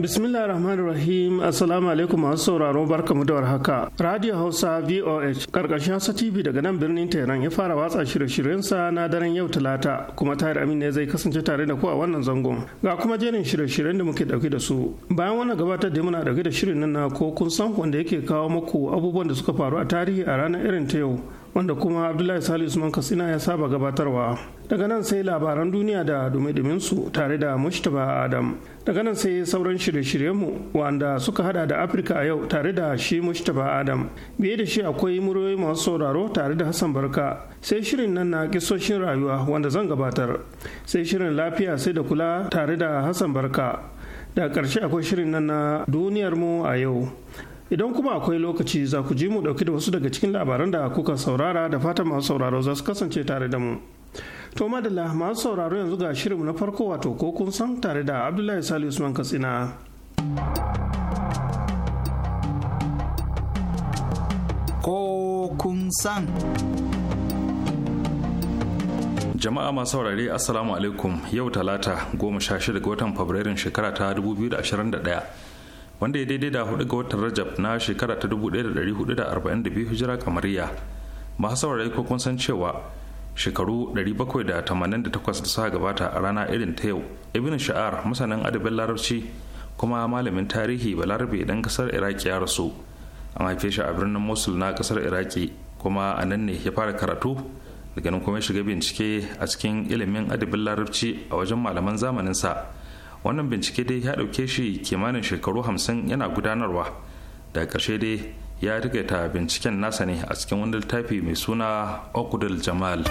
Bismillah Rahman Rahim Assalamu alaikum masu sauraro barkamu da warhaka. Radio Hausa VOH karkashin Hausa TV daga nan birnin Tehran ya fara watsa shirye shiryen sa na daren yau Talata kuma Tahir Amin ne zai kasance tare da ku a wannan zangon. Ga kuma jerin shirye-shiryen da muke dauke da su. Bayan wannan gabatar da muna dauke da shirin nan na ko kun san wanda yake kawo muku abubuwan da suka faru a tarihi a ranar irin ta yau. wanda kuma abdullahi sali usman katsina ya saba gabatarwa daga nan sai labaran duniya da dumi su tare da mushtaba adam daga nan sai sauran shirye-shiryenmu wanda suka hada da afirka a yau tare da shi mushtaba adam biye da shi akwai muryoyi masu sauraro tare da hassan barka sai shirin nan na kisoshin rayuwa wanda zan gabatar sai shirin lafiya sai da kula tare da hassan barka da ƙarshe akwai shirin nan na duniyarmu a yau Idan kuma akwai lokaci za ku ji mu ɗauki da wasu daga cikin labaran da kuka saurara da fatan masu sauraro za su kasance tare da mu. To madalla masu sauraro yanzu ga shirinmu na farko wato ko kun san tare da Abdullahi Salisu Usman Katsina. Ko kun san. Jama'a masu saurare Assalamu alaikum yau talata goma sha shida ga watan Fabrairun shekara ta 2021. wanda ya daidai da hudu ga watan rajab na shekara ta 1442 hijira kamariya masu rai ko kun san cewa shekaru 788 da suka gabata a rana irin ta yau ibn sha'ar masanin adabin larabci kuma malamin tarihi balarabe dan kasar iraki ya rasu an haife shi a birnin mosul na kasar iraki kuma a nan ne ya fara karatu daga ganin kuma shiga bincike a cikin ilimin adabin larabci a wajen malaman zamaninsa wannan bincike dai ya ɗauke shi kimanin shekaru hamsin yana gudanarwa da ƙarshe dai ya rigata binciken nasa ne a cikin wani littafi mai suna okudal jamal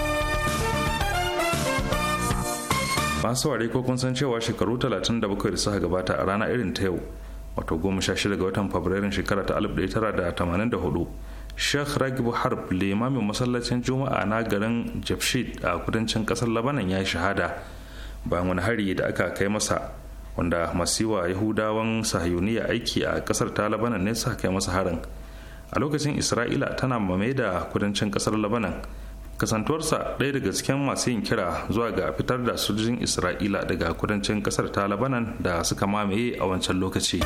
masu ware ko kun san cewa shekaru 37 da suka gabata a rana irin ta yau wato 16 ga watan fabrairun shekara ta 1984 sheikh ragibu harb limamin masallacin juma'a na garin jabshid a kudancin kasar labanan ya yi shahada bayan wani hari da aka kai masa wanda masu wa yahudawan sahiyuniya aiki a kasar ta labanan ne suka kai masa harin a lokacin isra'ila tana mame da kudancin kasar labanan kasantuwarsa ɗaya daga cikin masu yin kira zuwa ga fitar da sojojin isra'ila daga kudancin kasar ta labanan da suka mamaye a wancan lokaci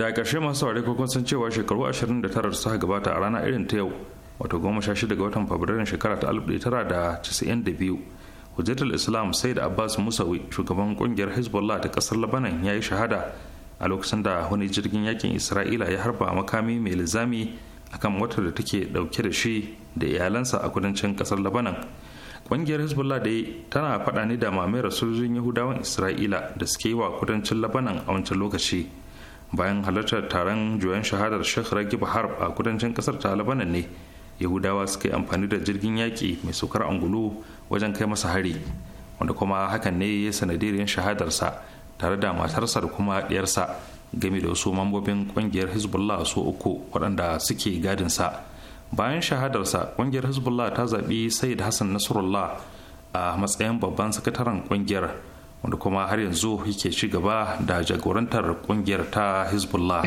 da ƙarshe masu saurari ko kun san cewa shekaru 29 suka gabata a rana irin ta yau wato 16 ga watan fabrairun shekara ta 1992 hujjatul islam said abbas musawi shugaban kungiyar hezbollah ta kasar labanan ya yi shahada a lokacin da wani jirgin yakin isra'ila ya harba makami mai lizami akan watar da take dauke da shi da iyalansa a kudancin kasar labanan kungiyar hezbollah da tana faɗa ne da mamayar sojojin yahudawan isra'ila da suke yi wa kudancin labanan a wancan lokaci bayan halartar taron juyan shahadar shekh ragib harb a kudancin kasar ta labanan ne yahudawa suka yi amfani da jirgin yaƙi mai saukar angulu wajen kai masa hari wanda kuma hakan ne ya sanadirin shahadarsa tare da matarsa da kuma ɗiyarsa game da wasu mambobin ƙungiyar hezbollah su uku waɗanda suke gadinsa bayan shahadarsa ƙungiyar hezbollah ta zaɓi sayyid hassan nasrullah a matsayin babban sakataren ƙungiyar wanda kuma har yanzu yake ci gaba da jagorantar ƙungiyar ta hezbollah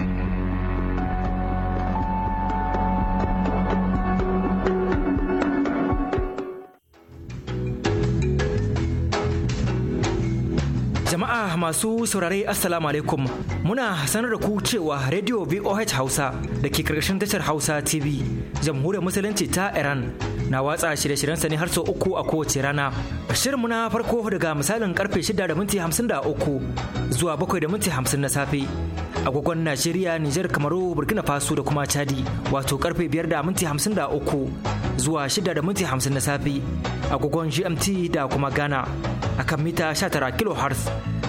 masu saurare Assalamu alaikum muna sanar da ku cewa Radio VOH Hausa da ke karkashin tashar Hausa TV jamhuriyar musulunci ta Iran na watsa shirye-shiryen ne har sau uku a kowace rana. Shirin muna farko daga misalin karfe shida da minti hamsin da uku zuwa bakwai da minti hamsin na safe. agogon Najeriya, Nijar, Kamaru, Burkina Faso da kuma Chadi wato karfe 5 da minti 53 zuwa 6 da minti 50 na safe agogon GMT da kuma Ghana akan mita 19 kHz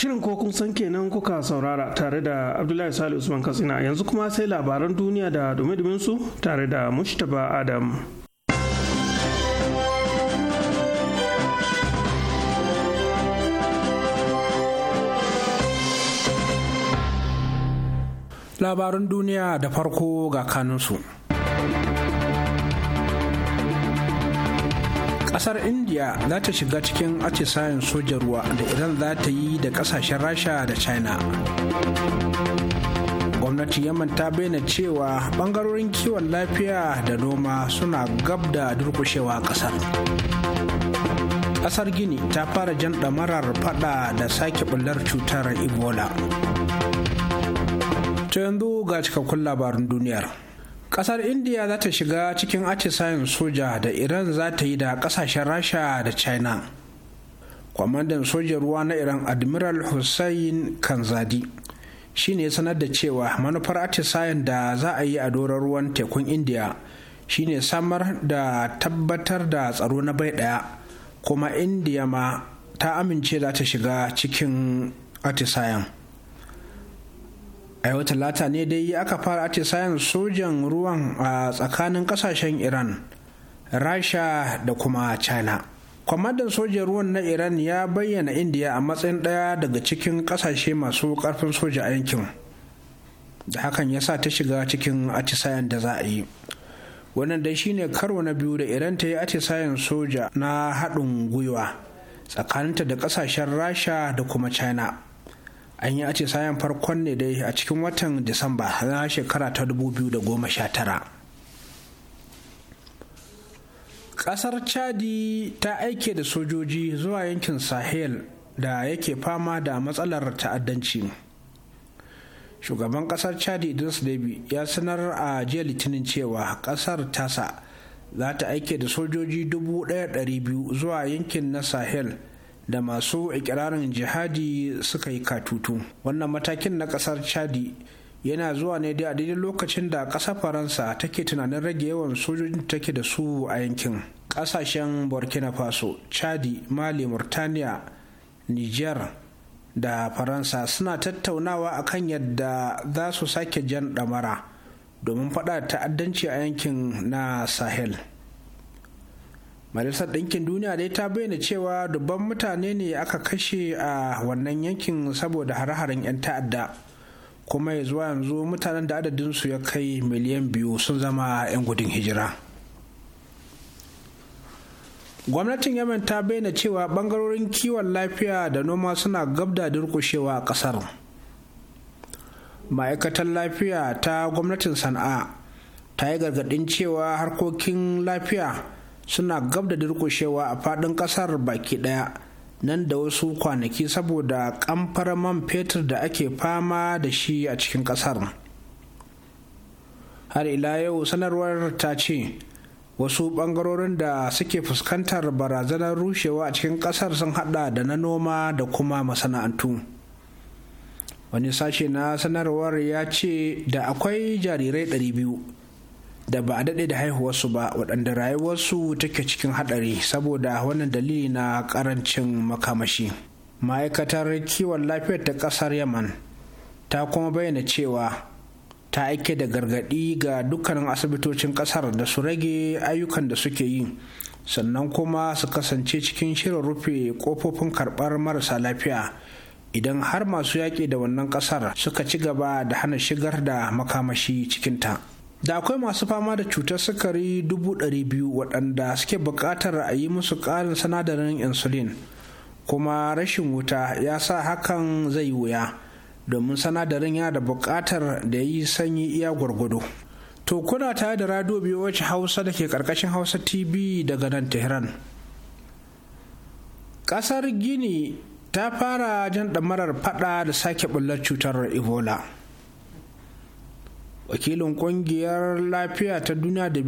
Shirin ko kun san kenan kuka saurara tare da Abdullahi Sali Usman Katsina yanzu kuma sai labaran duniya da dumi su tare da Mushtaba Adam. Labaran duniya da farko ga kanunsu. kasar india za ta shiga cikin atisayen sojan ruwa da iran za ta yi da kasashen rasha da china gwamnati yaman ta bayyana cewa bangarorin kiwon lafiya da noma suna gab da durkushewa kasar kasar gini ta fara jan damarar fada da sake bullar cutar ebola to yanzu ga cikakkun labarin duniyar kasar india za ta shiga cikin atisayen soja da iran za ta yi da kasashen rasha da china kwamandan sojan ruwa na iran admiral hussein kanzadi shine sanar da cewa manufar atisayen da za a yi a doron ruwan tekun india shine samar da tabbatar da tsaro na bai daya kuma Indiya ma ta amince za ta shiga cikin atisayen a yau talata ne dai aka fara atisayen sojan ruwan a tsakanin kasashen iran rasha da kuma china kwamandan sojan ruwan na iran ya bayyana indiya a matsayin ɗaya daga cikin ƙasashe masu karfin soja a yankin da hakan ya sa ta shiga cikin atisayen da za a yi wannan dai shine karo na biyu da iran ta yi atisayen soja na haɗin gwiwa tsakaninta da ƙasashen rasha da kuma china an yi ace sayan farkon ne dai a cikin watan disamba na shekara ta 2019 kasar chadi ta aike da sojoji zuwa yankin sahel da yake fama da matsalar ta'addanci shugaban kasar chadi idris debi ya sanar a jiya litinin cewa kasar tasa za ta aike da sojoji 1,200 zuwa yankin na sahel da masu ikirarin jihadi suka yi katutu wannan matakin na kasar chadi yana zuwa ne da daidai lokacin da ƙasar faransa take tunanin rage yawan sojojin take da su a yankin ƙasashen burkina faso chadi mali murtaniya niger da faransa suna tattaunawa akan yadda za su sake jan ɗamara domin faɗa ta'addanci a yankin na sahel majalisar ɗinkin duniya dai ta bayyana cewa dubban mutane ne aka kashe a wannan yankin saboda hare-haren 'yan ta'adda kuma ya zuwa yanzu mutanen da adadinsu ya kai miliyan biyu sun zama 'yan gudun hijira gwamnatin Yamen ta bayyana cewa ɓangarorin kiwon lafiya da noma suna gab da durkushewa a ƙasar ma'aikatar lafiya ta gwamnatin sana'a ta yi gargaɗin cewa harkokin lafiya suna gab da durkushewa a faɗin ƙasar baki ɗaya nan da wasu kwanaki saboda ƙamfar man fetur da ake fama da shi a cikin ƙasar har ila yau sanarwar ta ce wasu bangarorin da suke fuskantar barazanar rushewa a cikin kasar sun hada da na noma da kuma masana'antu wani sashe na sanarwar ya ce da akwai jarirai 200 da ba a daɗe da haihuwarsu ba waɗanda rayuwarsu take cikin haɗari saboda wannan dalili na ƙarancin makamashi ma'aikatar kiwon lafiyar ta ƙasar yaman ta kuma bayyana cewa ta aike da gargaɗi ga dukkanin asibitocin ƙasar da su rage ayyukan da suke yi sannan kuma su kasance cikin shirin rufe ƙofofin karɓar marasa lafiya idan har masu yaƙi da wannan ƙasar suka ci gaba da hana shigar da makamashi cikinta. da akwai masu fama da cutar sukari biyu waɗanda suke buƙatar a yi musu ƙarin sanadarin insulin kuma rashin wuta ya sa hakan zai wuya domin sanadarin yana da buƙatar da ya yi sanyi iya gwargwado to kuna tare da radio wacce hausa da ke ƙarƙashin hausa tv daga nan tehran ƙasar gini ta fara jan ɗamarar fada da sake ɓullar cutar ebola wakilin kungiyar lafiya ta duniya da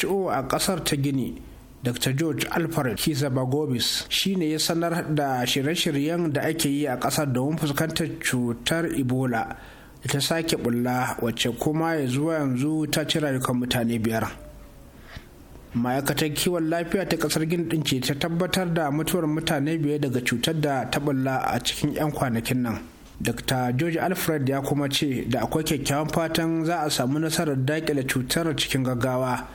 who a kasar ta gini dr george alfred kizabagobis shi ne ya sanar da shirye-shiryen da ake yi a kasar domin fuskantar cutar ebola da ta sake bulla wacce kuma ya zuwa yanzu ta ci rayukan mutane biyar ma'aikatar kiwon lafiya ta kasar gini ce ta tabbatar da mutuwar mutane biyar daga cutar da ta bulla a cikin 'yan kwanakin nan dr george alfred ya kuma ce da akwai kyakkyawan fatan za a samu nasarar dakile cutar cikin gaggawa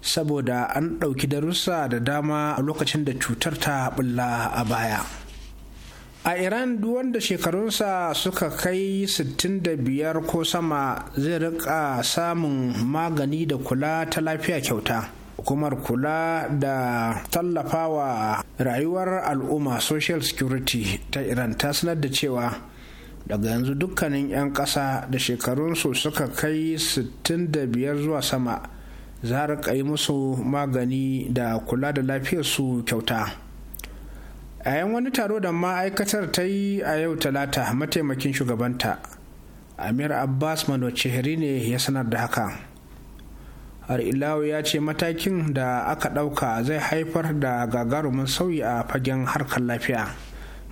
saboda an ɗauki darussa da dama a lokacin da cutar ta bulla a baya a iran duk wanda shekarunsa suka kai 65 ko sama zai rika samun magani da kula ta lafiya kyauta hukumar kula da tallafawa rayuwar al'umma social security ta iran ta sanar da cewa daga yanzu dukkanin 'yan ƙasa da shekarunsu suka kai 65 zuwa sama za a yi musu magani da kula da lafiyarsu kyauta a yan wani taro da ma'aikatar ta yi a yau talata mataimakin shugabanta amir abbas manochehri ne ya sanar da haka har ilawu ya ce matakin da aka ɗauka zai haifar da gagarumin sauyi a fagen harkar lafiya.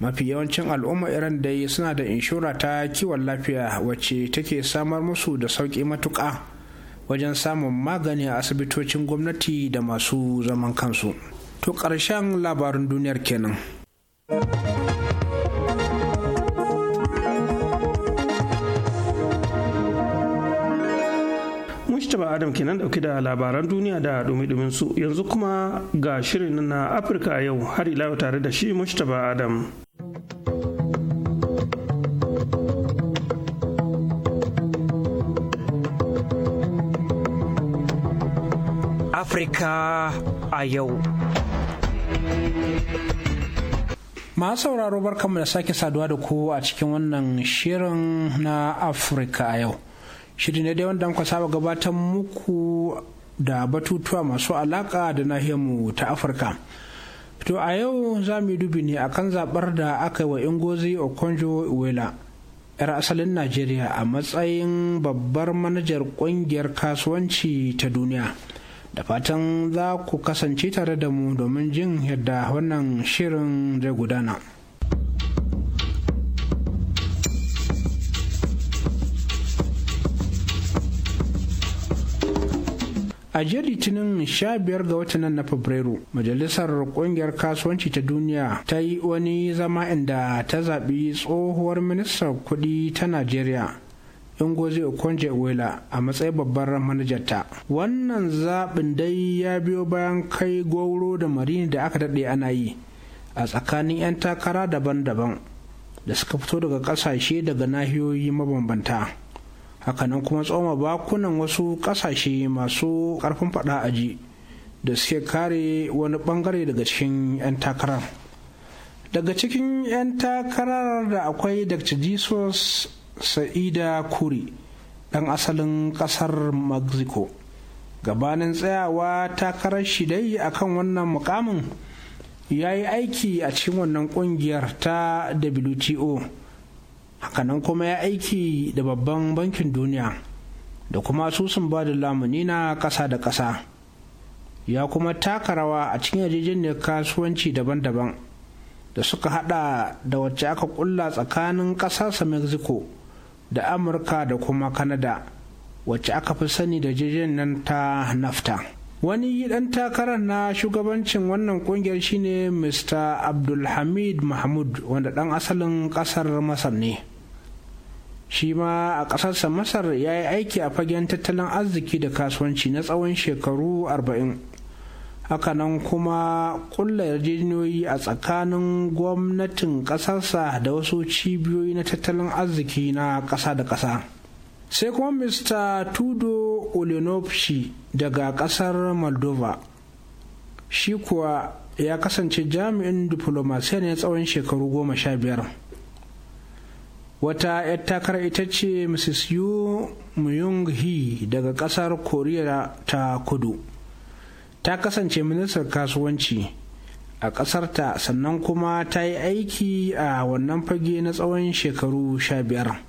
mafi yawancin al'umma iran dai suna da inshora ta kiwon lafiya wacce take samar musu da sauƙi matuƙa wajen samun magani a asibitocin gwamnati da masu zaman kansu to ƙarshen labarin duniyar kenan Mustapha Adam kenan dauke da labaran duniya da dumi su yanzu kuma ga shirin na Afirka a yau har ila tare da shi Mustapha Adam. Afirka a yau. Masu sauraro barkanmu da sake saduwa da ku a cikin wannan shirin na Afirka a yau. Shiri ne dai wanda muka saba gabatar muku da batutuwa masu alaka da nahiyarmu ta Afirka. to a yau za mu dubi ne akan zabar da aka yi wa ingozi okonjo iweala yar asalin najeriya a matsayin babbar manajar kungiyar kasuwanci ta duniya da fatan za ku kasance tare da mu domin jin yadda wannan shirin zai gudana. a jiya litinin 15 ga watan nan na fabrairu majalisar kungiyar kasuwanci ta duniya ta yi wani zama inda ta zaɓi tsohuwar Ministan kuɗi ta najeriya ingozi okonje wela a matsayin babbar manajarta wannan zaɓin dai ya biyo bayan kai gwauro da marini da aka daɗe ana yi a tsakanin 'yan takara daban-daban da suka fito daga ƙasashe daga nahiyoyi mabambanta hakanan kuma tsoma bakunan wasu kasashe masu ƙarfin faɗa ji da suke kare wani bangare daga cikin 'yan takarar daga cikin 'yan takarar da akwai dr jesus sa'ida kuri dan asalin kasar mexico gabanin tsayawa takarar shi dai akan wannan mukamin ya yi aiki a cikin wannan kungiyar ta wto hakanan kuma ya aiki da babban bankin duniya da kuma asusun ba da lamuni na kasa da kasa ya kuma taka rawa a cikin yarjejeniyar kasuwanci daban-daban da suka hada da wacce aka kulla tsakanin ƙasarsa mexico da amurka da kuma kanada wacce aka fi sani da yarjejeniyar ta nafta wani dan takarar na shugabancin wannan kungiyar shine mr abdulhamid mahmud wanda dan asalin kasar masar ne shi ma a ƙasarsa masar ya yi aiki a fagen tattalin arziki da kasuwanci na tsawon shekaru 40 hakanan kuma ƙulla yarjejeniyoyi a tsakanin gwamnatin ƙasarsa da wasu cibiyoyi na tattalin arziki na ƙasa da ƙasa sai kuma mr tudo olenovshi daga ƙasar moldova shi kuwa ya kasance jami'in diflomasiya ne tsawon shekaru goma sha biyar wata 'yar takara ita ce mrs yu myung hee daga kasar koriya ta kudu ta kasance ministar kasuwanci a ta sannan kuma ta yi aiki a wannan fage na tsawon shekaru sha biyar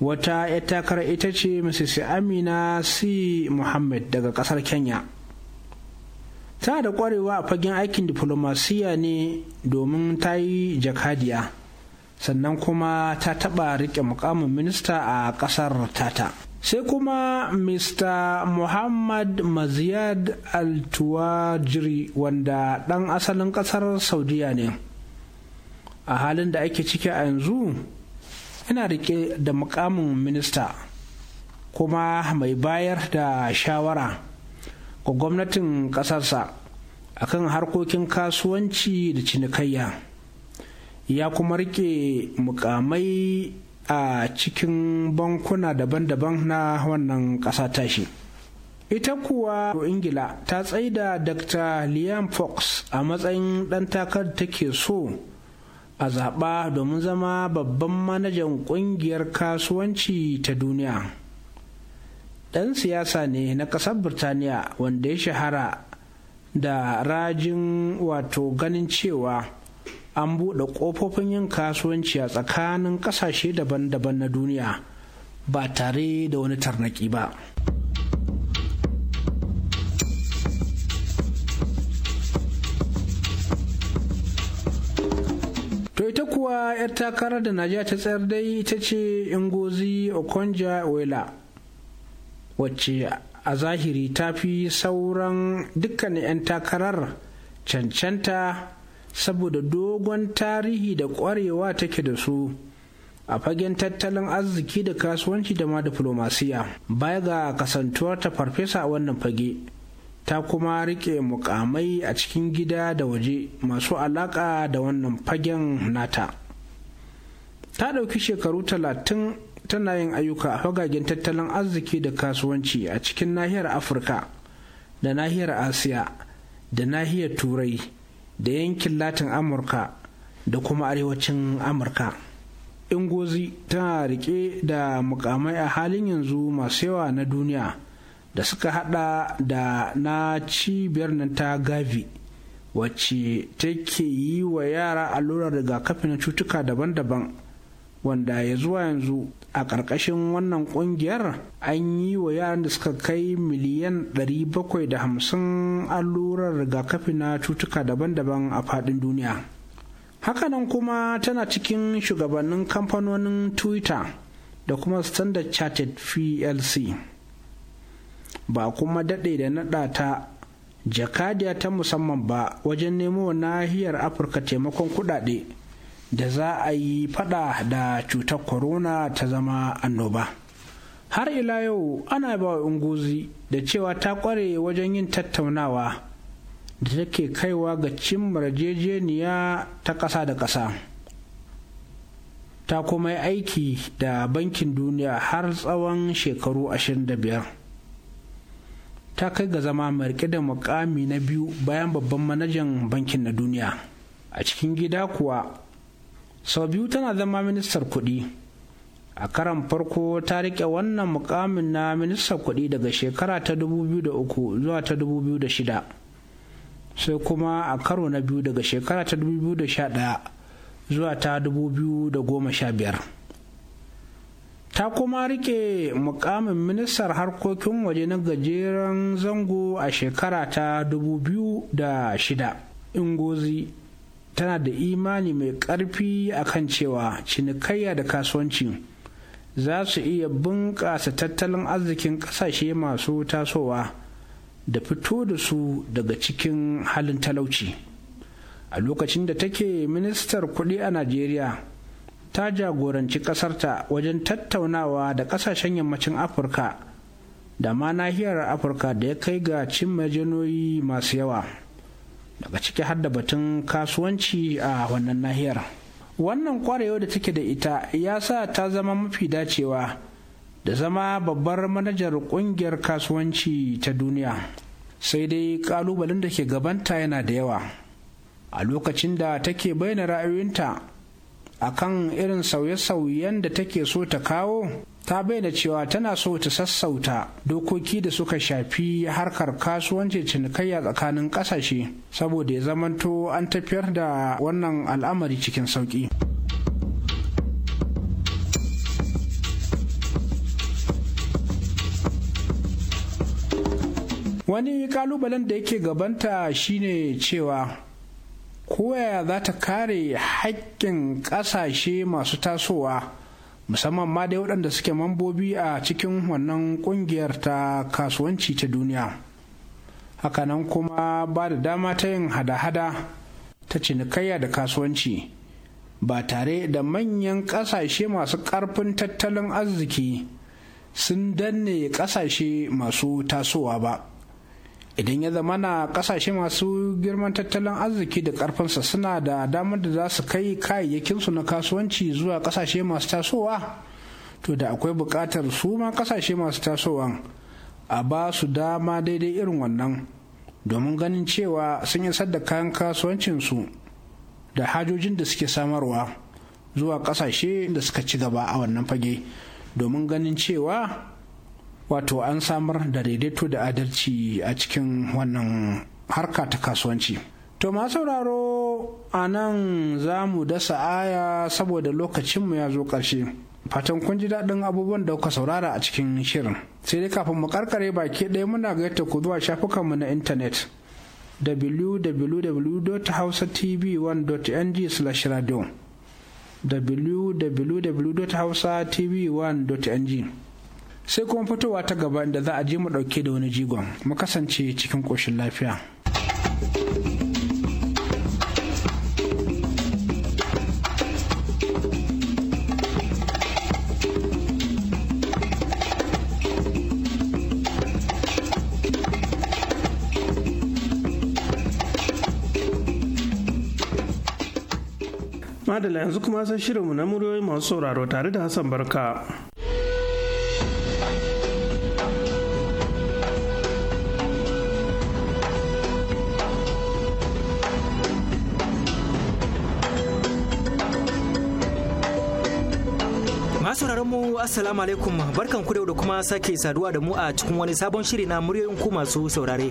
wata 'yar takara ita ce mrs amina c muhammad daga kasar kenya ta da kwarewa a fagen aikin diflomasiyya ne domin ta yi jakadiya sannan kuma ta taɓa riƙe mukamin minista a ƙasar tata sai kuma mr muhammad maziyad altuwajiri wanda ɗan asalin ƙasar saudiya ne a halin da ake ciki a yanzu yana riƙe da mukamin minista kuma mai bayar da shawara ga gwamnatin ƙasarsa akan harkokin kasuwanci da cinikayya. ya kuma rike mukamai a cikin bankuna daban-daban na wannan ƙasa tashi. Ita kuwa Ingila ta tsaida Dr. Liam Fox a matsayin ɗan takar take so a zaɓa domin zama babban manajan ƙungiyar kasuwanci ta duniya. Ɗan siyasa ne na ƙasar Birtaniya wanda ya shahara da rajin wato ganin cewa an buɗe ƙofofin yin kasuwanci a tsakanin ƙasashe daban-daban na duniya ba tare da wani tarnaki ba. To ita kuwa 'yar takarar da Najeriya ta tsayar dai ita ce Ingozi Okonja Wela wacce a zahiri ta fi sauran dukkan 'yan takarar cancanta saboda dogon tarihi da ƙwarewa take da su a fagen tattalin arziki da kasuwanci da ma diflomasiya baya ga kasantuwar ta farfesa a wannan fage ta kuma rike mukamai a cikin gida da waje masu alaƙa da wannan fagen nata ta ɗauki shekaru talatin tana yin ayyuka a fagagen tattalin arziki da kasuwanci a cikin nahiyar afirka da nahiyar asiya da nahiyar turai da yankin latin amurka da kuma arewacin amurka ingozi tana rike da mukamai a halin yanzu masu yawa na duniya da suka hada da na cibiyar nan ta gavi wacce take yi wa yara allurar rigakafi na cutuka daban-daban wanda ya zuwa yanzu a ƙarƙashin wannan ƙungiyar an yi wa yaran da suka kai miliyan 750 allurar rigakafi na cutuka daban-daban a faɗin duniya hakanan kuma tana cikin shugabannin kamfanonin twitter da kuma standard chartered plc ba kuma daɗe da naɗa ta jakadiya ta musamman ba wajen nemo nahiyar afirka taimakon kuɗaɗe da za a yi fada da cutar corona ta zama annoba har ila yau ana ba unguzi da cewa ta kware wajen yin tattaunawa da take kaiwa ga cin yarjejeniya ta ƙasa da ƙasa ta kuma yi aiki da bankin duniya har tsawon shekaru 25 ta kai ga zama mai da mukami na biyu bayan babban manajan bankin na duniya a cikin gida kuwa sau biyu tana zama ministar kuɗi a karan farko ta riƙe wannan mukamin na ministar kuɗi daga shekara ta 2003 zuwa ta 2006 sai kuma a karo na biyu daga shekara ta 2011 zuwa ta 2015 ta kuma riƙe mukamin ministar harkokin waje na gajeren zango a shekara ta 2006 ingozi tana da imani mai ƙarfi kan cewa cinikayya da kasuwanci za su iya bunƙasa tattalin arzikin ƙasashe masu tasowa da fito da su daga cikin halin talauci a lokacin da take ministar kuɗi a najeriya ta jagoranci ƙasarta wajen tattaunawa da ƙasashen yammacin afirka da ma nahiyar afirka da ya kai ga cin majanoyi masu yawa daga ciki har batun kasuwanci a wannan nahiyar wannan kwarewa da take da ita ya sa ta zama mafi dacewa da zama babbar manajar kungiyar kasuwanci ta duniya sai dai kalubalen da ke gabanta yana da yawa a lokacin da take bayyana ra'ayoyinta akan irin sauye-sauyen da take so ta kawo ta bayyana cewa tana so ta sassauta dokoki da suka shafi harkar kasuwanci cinikayya tsakanin kasashe saboda ya zamanto an tafiyar da wannan al'amari cikin sauƙi. wani kalubalen da yake gabanta shine cewa koya za ta kare haƙƙin ƙasashe masu tasowa musamman ma dai waɗanda suke mambobi a cikin wannan ƙungiyar ta kasuwanci ta duniya hakanan kuma ba da dama ta yin hada-hada ta cinikayya da kasuwanci ba tare da manyan ƙasashe masu ƙarfin tattalin arziki sun danne ƙasashe masu tasowa ba idan ya zama na kasashe masu girman tattalin arziki da karfinsa suna da damar da za su kai kayayyakinsu na kasuwanci zuwa kasashe masu tasowa to da akwai buƙatar su ma kasashe masu tasowa a ba su dama daidai irin wannan domin ganin cewa sun isar da kayan kasuwancinsu da hajojin da suke samarwa zuwa kasashe da suka ci gaba a wannan fage domin ganin cewa wato an samar da daidaito da adalci a cikin wannan harka ta kasuwanci to ma sauraro a nan za mu dasa aya saboda lokacinmu ya zo ƙarshe fatan kun ji daɗin abubuwan da kuka saurara a cikin shirin sai dai kafin mu karkare baki ɗaya muna gayyata ku zuwa shafukanmu na intanet www.hausatv1.ng/radio www.hausatv1.ng sai kuma fitowa ta gaba da za a je mu ɗauke da wani jigon mu kasance cikin ƙoshin lafiya. adala yanzu kuma sai shirinmu na muryoyi masu sauraro tare da Hassan Barka. assalamu alaikum barkan ku da kuma sake saduwa da mu a cikin wani sabon shiri na muryoyin ku masu saurare.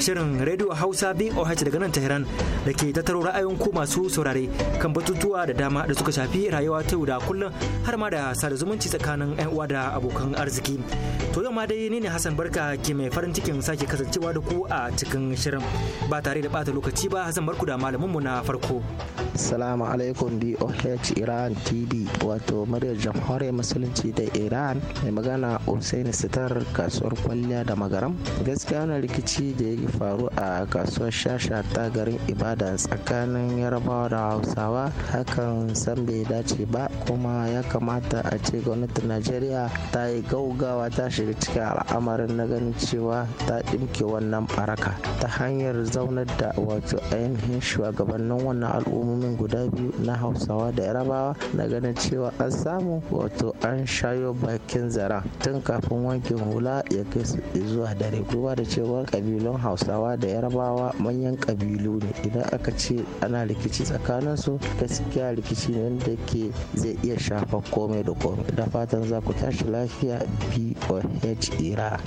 Shirin Radio Hausa BOH daga nan Tehran da ke tattaro ra'ayoyin ku masu saurare kan batutuwa da dama da suka shafi rayuwa ta yau da kullum har ma da sada zumunci tsakanin 'yan uwa da abokan arziki. To yau ma dai ni ne Hassan Barka ke mai farin cikin sake kasancewa da ku a cikin shirin ba tare da bata lokaci ba Hassan Barku da malamin mu na farko. Assalamu alaikum BOH Iran TV wato muryar jamhuriyar musulunci da Iran mai magana Hussein Sitar kasuwar kwalliya da magaram. Gaskiya wani rikici da ya faru a kasuwar shasha ta garin Ibadan tsakanin yarbawa da Hausawa hakan san bai dace ba kuma ya kamata a ce gwamnatin Najeriya ta yi gaugawa ta shiga cikin al'amarin na ganin cewa ta ɗimke wannan baraka ta hanyar zaunar da wato ainihin shugabannin wannan al'ummomi bangarorin guda biyu na hausawa da yarabawa na ganin cewa an samu wato an shayo bakin zara tun kafin wankin hula ya kai su zuwa dare duba da cewa kabilun hausawa da yarabawa manyan kabilu ne idan aka ce ana rikici tsakanin su gaskiya rikici ne wanda ke zai iya shafa komai da komai da fatan za ku tashi lafiya boh ira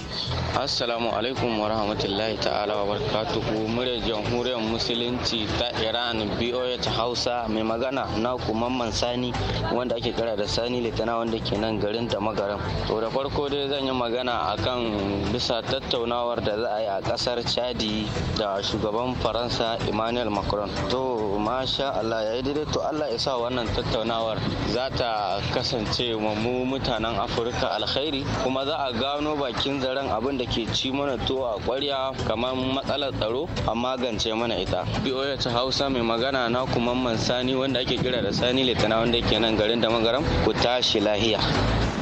assalamu alaikum wa rahmatullahi ta'ala wa barakatuhu muryar jamhuriyar musulunci ta iran boh hausa mai magana na kumamman sani wanda ake kira da sani litana wanda ke nan garin da magaran, to da farko dai zan yi magana akan bisa tattaunawar da za a yi a kasar chadi da shugaban faransa emmanuel macron to masha allah ya yi daidai to allah ya sa wannan tattaunawar za ta kasance mu mutanen afirka alkhairi kuma za a gano bakin zaren abin da ke ci mana tuwo a kwarya kamar matsalar tsaro a magance mana ita biyo ya ci hausa mai magana na kuma musamman Sani wanda ake kira da Sani Litana wanda ke nan garin damagaram ku tashi lahiya.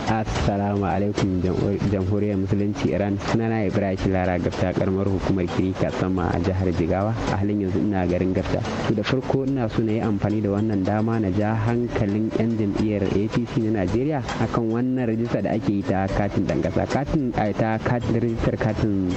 assalamu alaikum jamhuriyar musulunci iran sunana ibrahim lara gafta karamar hukumar kirika sama a jihar jigawa a halin yanzu ina garin gafta to da farko ina so na yi amfani da wannan dama na ja hankalin yan jam'iyyar apc na najeriya akan wannan rajista da ake yi ta katin kasa katin a ta katin rajistar katin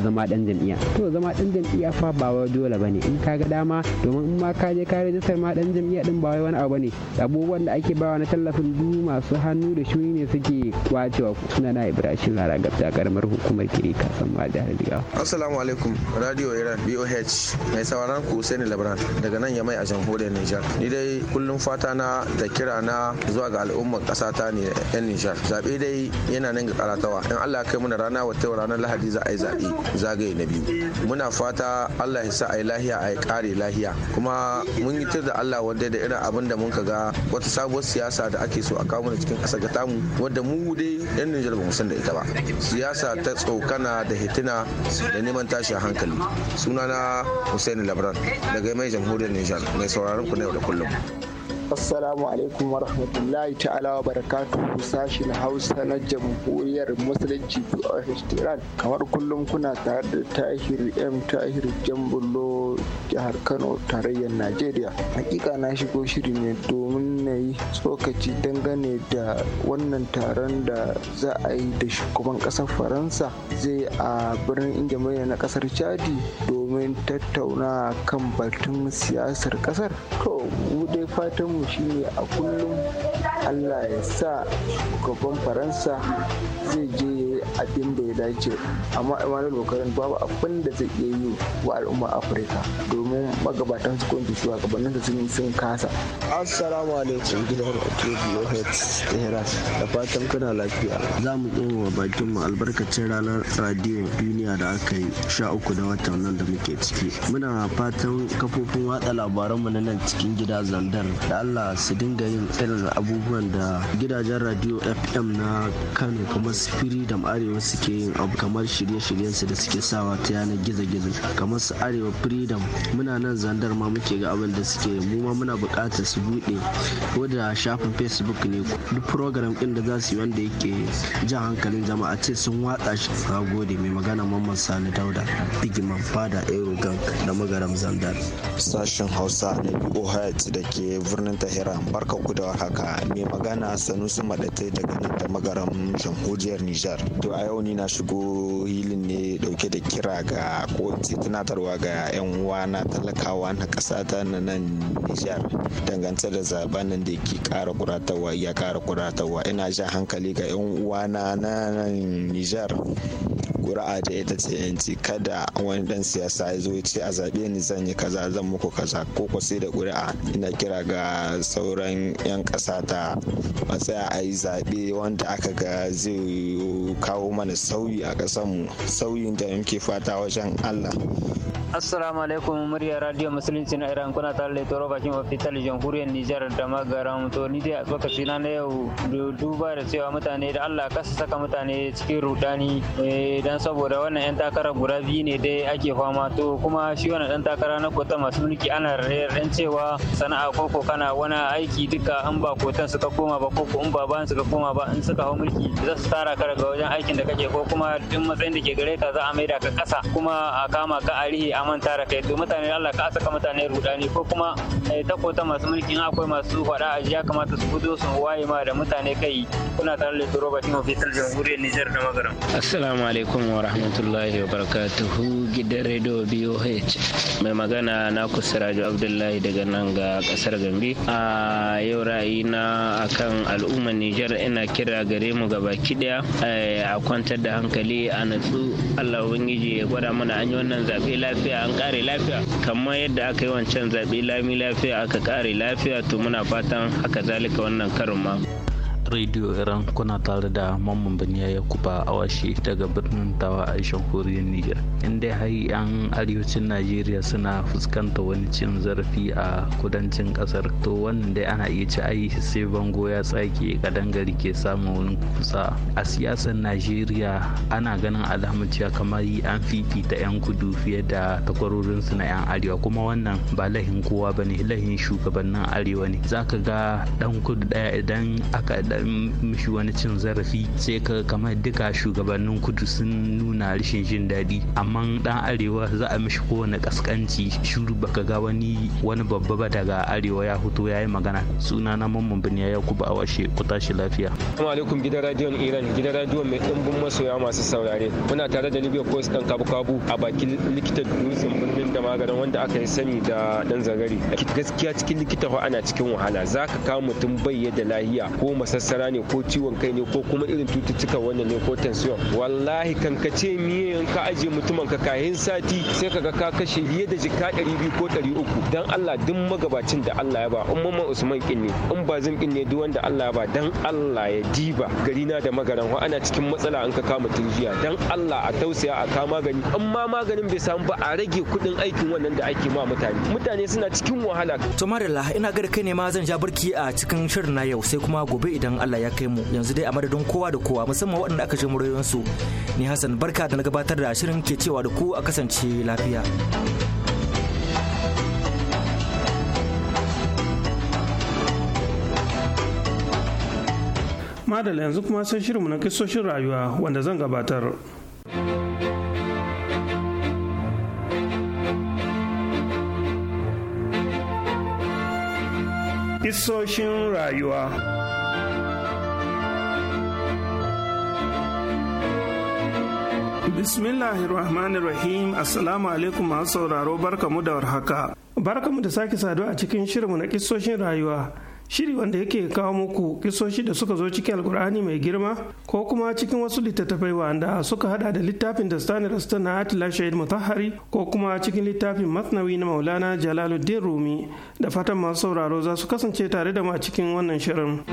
zama dan jam'iyya to zama dan jam'iyya fa ba wa dole bane in ka ga dama domin in ma ka je ka rajistar ma dan jam'iyya din ba wai wani abu bane abubuwan da ake bawa na tallafin du masu hannu da shuni ne suke kwacewa suna na ibrahim lara ga karamar hukumar kiri kasan ma jihar jigawa assalamu alaikum radio iran boh mai sauraron ku usaini labran daga nan yamai a jamhuriyar nijar ni dai kullum fata na da kira na zuwa ga al'ummar kasata ne yan nijar zabe dai yana nan ga karatawa in allah kai muna rana wata ranar lahadi za a yi zaɓe zagaye na biyu muna fata allah ya sa a yi lahiya a yi kare lahiya kuma mun yi da allah wanda da irin abin da mun ka ga wata sabuwar siyasa da ake so a kawo mana cikin kasa ga tamu wadda mu dai yan Nijar ba mu san da ita ba siyasa ta tsokana da hitina da neman tashi hankali sunana Hussein Labran daga mai jamhuriyar Nijar mai sauraron ku na yau da kullum Assalamu alaikum wa rahmatullahi ta'ala wa barakatuhu sashin Hausa na Jamhuriyar Musulunci a Iran. Kamar kullum kuna tare da Tahir M Tahir Jambullo jihar Kano tarayyar Najeriya. Hakika na shigo shiri ne domin na yi tsokaci dangane da wannan taron da za a yi da shugaban ƙasar Faransa zai a birnin Injamaiya na ƙasar Chadi domin tattauna kan batun siyasar ƙasar. To, mu dai fatan mu shine a kullum allah ya sa gaban faransa zai je abin da ya dace amma emmanuel bukarin babu abin da zai iya yi wa al'umma afirka domin magabatan su kwanci kunshi gabanin da sun sun kasa assalamu alaikum gidan radio tehran da fatan kana lafiya za mu wa bakin mu albarkacin ranar radiyon duniya da aka yi sha uku da watan nan da muke ciki muna fatan kafofin watsa labaranmu na nan cikin gida zandar da allah su dinga yin irin abubuwan da gidajen radio fm na kano kamar freedom arewa suke yin abu kamar shirye-shiryen su da suke sawa ta yanar gizo-gizo kamar su arewa freedom muna nan zandar ma muke ga abin da suke mu ma muna bukatar su buɗe ko da shafin facebook ne duk program ɗin da za su yi wanda yake jan hankalin jama'a ce sun watsa shi na gode mai magana mamman sani dauda bigiman fada erogan da magaram zandar sashen hausa na ohio da ke birnin tahiran barka ku da haka mai magana sanusi madatai daga nan da magaram jamhuriyar nijar to a yau ni na shigo hilin ne dauke da kira ga ko tunatarwa ga 'yan uwa na talakawa na kasa ta nan nijar dangance da zaben nan da ke ƙara kuratawa ya ƙara kuratawa ina jan hankali ga 'yan uwa na nan nijar ƙuri'a ta ita ce yanci kada wani dan siyasa ya zo ce a zaɓe ni zan yi kaza zan muku kaza ko ku sai da ƙuri'a ina kira ga sauran 'yan ƙasa ta matsaya a yi zaɓe wanda aka ga zai kawo mana sauyi a ƙasar mu sauyin da muke fata wajen allah Assalamu alaikum murya radio musulunci na Iran kuna tare da toro bakin ofital jamhuriyar Nijar da magara to ni dai lokaci na na yau duba da cewa mutane da Allah kasa saka mutane cikin rudani eh, dan saboda wannan yan takara guda biyu ne dai ake fama to kuma shi wannan dan takara na kota masu mulki ana rayar cewa sana'a koko kana wani aiki duka an ba kotan suka koma ba koko in ba ban suka koma ba in suka hau mulki za su tara ka daga wajen aikin da kake ko kuma duk matsayin da ke gare ka za a maida ka kasa kuma a kama ka a manta da kai mutane Allah ka saka mutane rudani ko kuma eh, takota masu mulki akwai masu faɗa a ya kamata su fito su waye ma da mutane kai kuna tare da Turo Bakin Ofital Jamhuriyar Nijar da Magaram. Assalamu alaikum wa rahmatullahi wa barakatuhu gidan rediyo BOH mai magana na Siraju Abdullahi daga nan ga kasar Gambi. A yau ra'ayina akan al'ummar Nijar ina kira gare mu gaba daya eh, a kwantar da hankali a natsu Allah Ubangiji ya gwada mana an yi wannan zaɓe lafiya lafiya an kare lafiya kamar yadda aka yi wancan zaɓe lami lafiya aka kare lafiya to muna fatan haka zalika wannan karin ma. Radio Iran kuna tare da Mamman Baniya Yakuba Awashi daga birnin Tawa a Jamhuriyar Niger. In dai har yan arewacin Najeriya suna fuskanta wani cin zarafi a kudancin kasar to wannan dai ana iya ci ai sai bango ya tsake gari ke samun wani kusa. A siyasar Najeriya ana ganin alamun cewa kamar an fifita yan kudu fiye da takwarorin su na yan arewa kuma wannan ba lahin kowa bane lahin shugabannin arewa ne. Zaka ga dan kudu daya idan aka mishi wani cin zarafi sai ka kamar duka shugabannin kudu sun nuna rashin jin daɗi amma dan arewa za a mishi kowane kaskanci shuru baka ga wani wani babba ba daga arewa ya fito ya yi magana suna na mamman biniya ya kuba a washe ku tashi lafiya. Assalamu alaikum gidan radiyon Iran gidan radio mai ɗimbin masoya masu saurare muna tare da Libya Coast dan kabu-kabu a bakin likita dutsen birnin da maganin wanda aka yi sani da ɗan zagari gaskiya cikin likita ana cikin wahala zaka kawo mutum bai da lahiya ko masassa masara ne ko ciwon kai ne ko kuma irin cututtuka wannan ne ko tension wallahi kankace miye in ka aje mutumin ka kahin sati sai ga ka kashe fiye da jika 200 ko 300 dan Allah duk magabacin da Allah ya ba umman Usman kin ne in ba zan kin ne duk wanda Allah ya ba dan Allah ya diba gari na da magaran ho ana cikin matsala an ka kama turjiya dan Allah a tausaya a kama magani in maganin bai samu ba a rage kuɗin aikin wannan da ake ma mutane mutane suna cikin wahala to marilla ina ga kai ne ma zan ja barki a cikin shirin na yau sai kuma gobe idan Allah ya kai mu yanzu dai a madadin kowa da kowa musamman waɗanda aka ji murayoyinsu ni Hassan barka da na gabatar da shirin ke cewa da ku a kasance lafiya. madal yanzu kuma sai shirinmu na kisoshin rayuwa wanda zan gabatar. Kisoshin rayuwa Bismillahirrahmanirrahim Assalamu alaikum masu sauraro barkamu da warhaka. Barkamu da sake saduwa a cikin shirinmu na kisoshin rayuwa. Shiri wanda yake kawo muku kisoshi da suka zo cikin alkur'ani mai girma ko kuma cikin wasu littattafai wanda suka hada da littafin da stani rasta na atila shahid mutahari ko kuma cikin littafin masnawi na maulana jalaluddin rumi da fatan masu sauraro za su kasance tare da mu a cikin wannan shirin.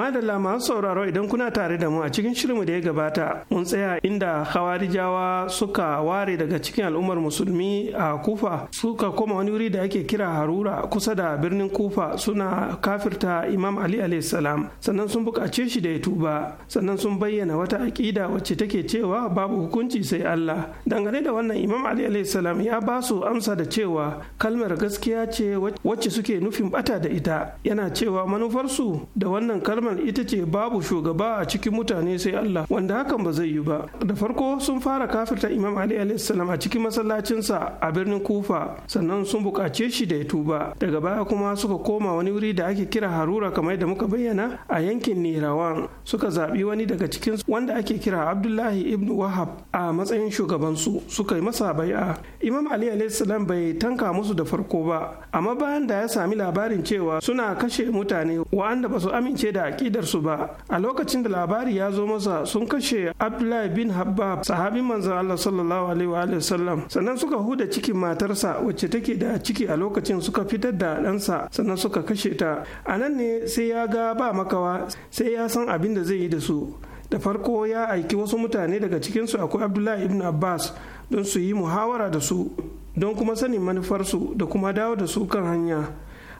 madalla masu sauraro idan kuna tare da mu a cikin shirinmu da ya gabata mun tsaya inda hawarijawa suka ware daga cikin al'ummar musulmi a kufa suka koma wani wuri da ake kira harura kusa da birnin kufa suna kafirta imam ali salam sannan sun buƙace shi da ya tuba sannan sun bayyana wata aƙida wacce take cewa babu hukunci sai allah dangane da wannan imam ali salam ya ba su amsa da cewa kalmar gaskiya ce wacce suke nufin bata da ita yana cewa manufarsu da wannan kalmar maganar ita ce babu shugaba a cikin mutane sai Allah wanda hakan ba zai yi ba da farko sun fara kafirta Imam Ali alaihi a cikin masallacinsa a birnin Kufa sannan sun buƙace shi da ya tuba daga baya kuma suka koma wani wuri da ake kira Harura kamar da muka bayyana a yankin Nirawan suka zaɓi wani daga cikin wanda ake kira Abdullahi ibn Wahab a matsayin shugabansu suka yi masa bai'a Imam Ali alaihi bai tanka musu da farko ba amma bayan da ya sami labarin cewa suna kashe mutane wa'anda ba su amince da akidarsu ba a lokacin da labari ya zo masa sun kashe abdullahi bin habbab sahabin manzan allah sallallahu alaihi wa sallam sannan suka huda cikin matarsa wacce take da ciki a lokacin suka fitar da ɗansa sannan suka kashe ta a nan ne sai ya ga ba makawa sai ya san abin da zai yi da su da farko ya aiki wasu mutane daga cikinsu akwai abdullahi ibn abbas don su yi muhawara da su don kuma sanin manufarsu da kuma dawo da su kan hanya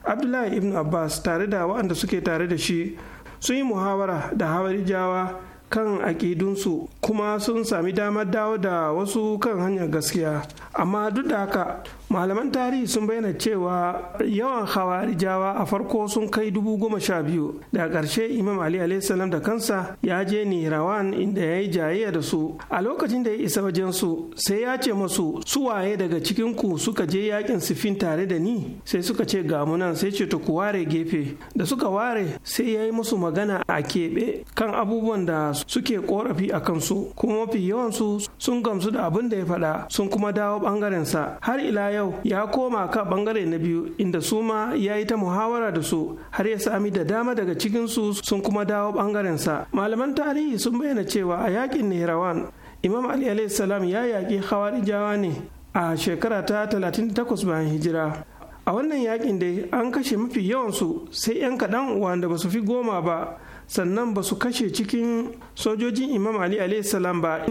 abdullahi ibn abbas tare da waɗanda suke tare da shi sun yi muhawara da hawarijawa kan aƙidunsu kuma sun sami damar dawo da wasu kan hanyar gaskiya amma duk da haka malaman tarihi sun bayyana cewa yawan hawarijawa a farko sun kai dubu goma sha biyu da ƙarshe imam ali salam da kansa ya je ni rawan inda ya yi jayayya da su a lokacin da ya isa wajen su sai ya ce masu su waye daga cikin ku suka je yakin sifin tare da ni sai suka ce gamu nan sai ce ku ware gefe da suka ware sai ya yi musu magana a keɓe kan abubuwan da suke korafi a kansu kuma mafi yawansu sun gamsu da abin da ya faɗa sun kuma dawo ɓangarensa har ila yau ya koma ka bangare na biyu inda su ma ya yi ta muhawara da su har ya sami da dama daga cikinsu sun kuma dawo bangarensa malaman tarihi sun bayyana cewa a yakin nehrawan imam ali salam ya yaƙi hawarijawa ne a shekara ta 38 bayan hijira a wannan yakin dai an kashe mafi yawansu sai 'yan kaɗan wanda ba su fi goma ba sannan ba su kashe cikin sojojin imam ali salam ba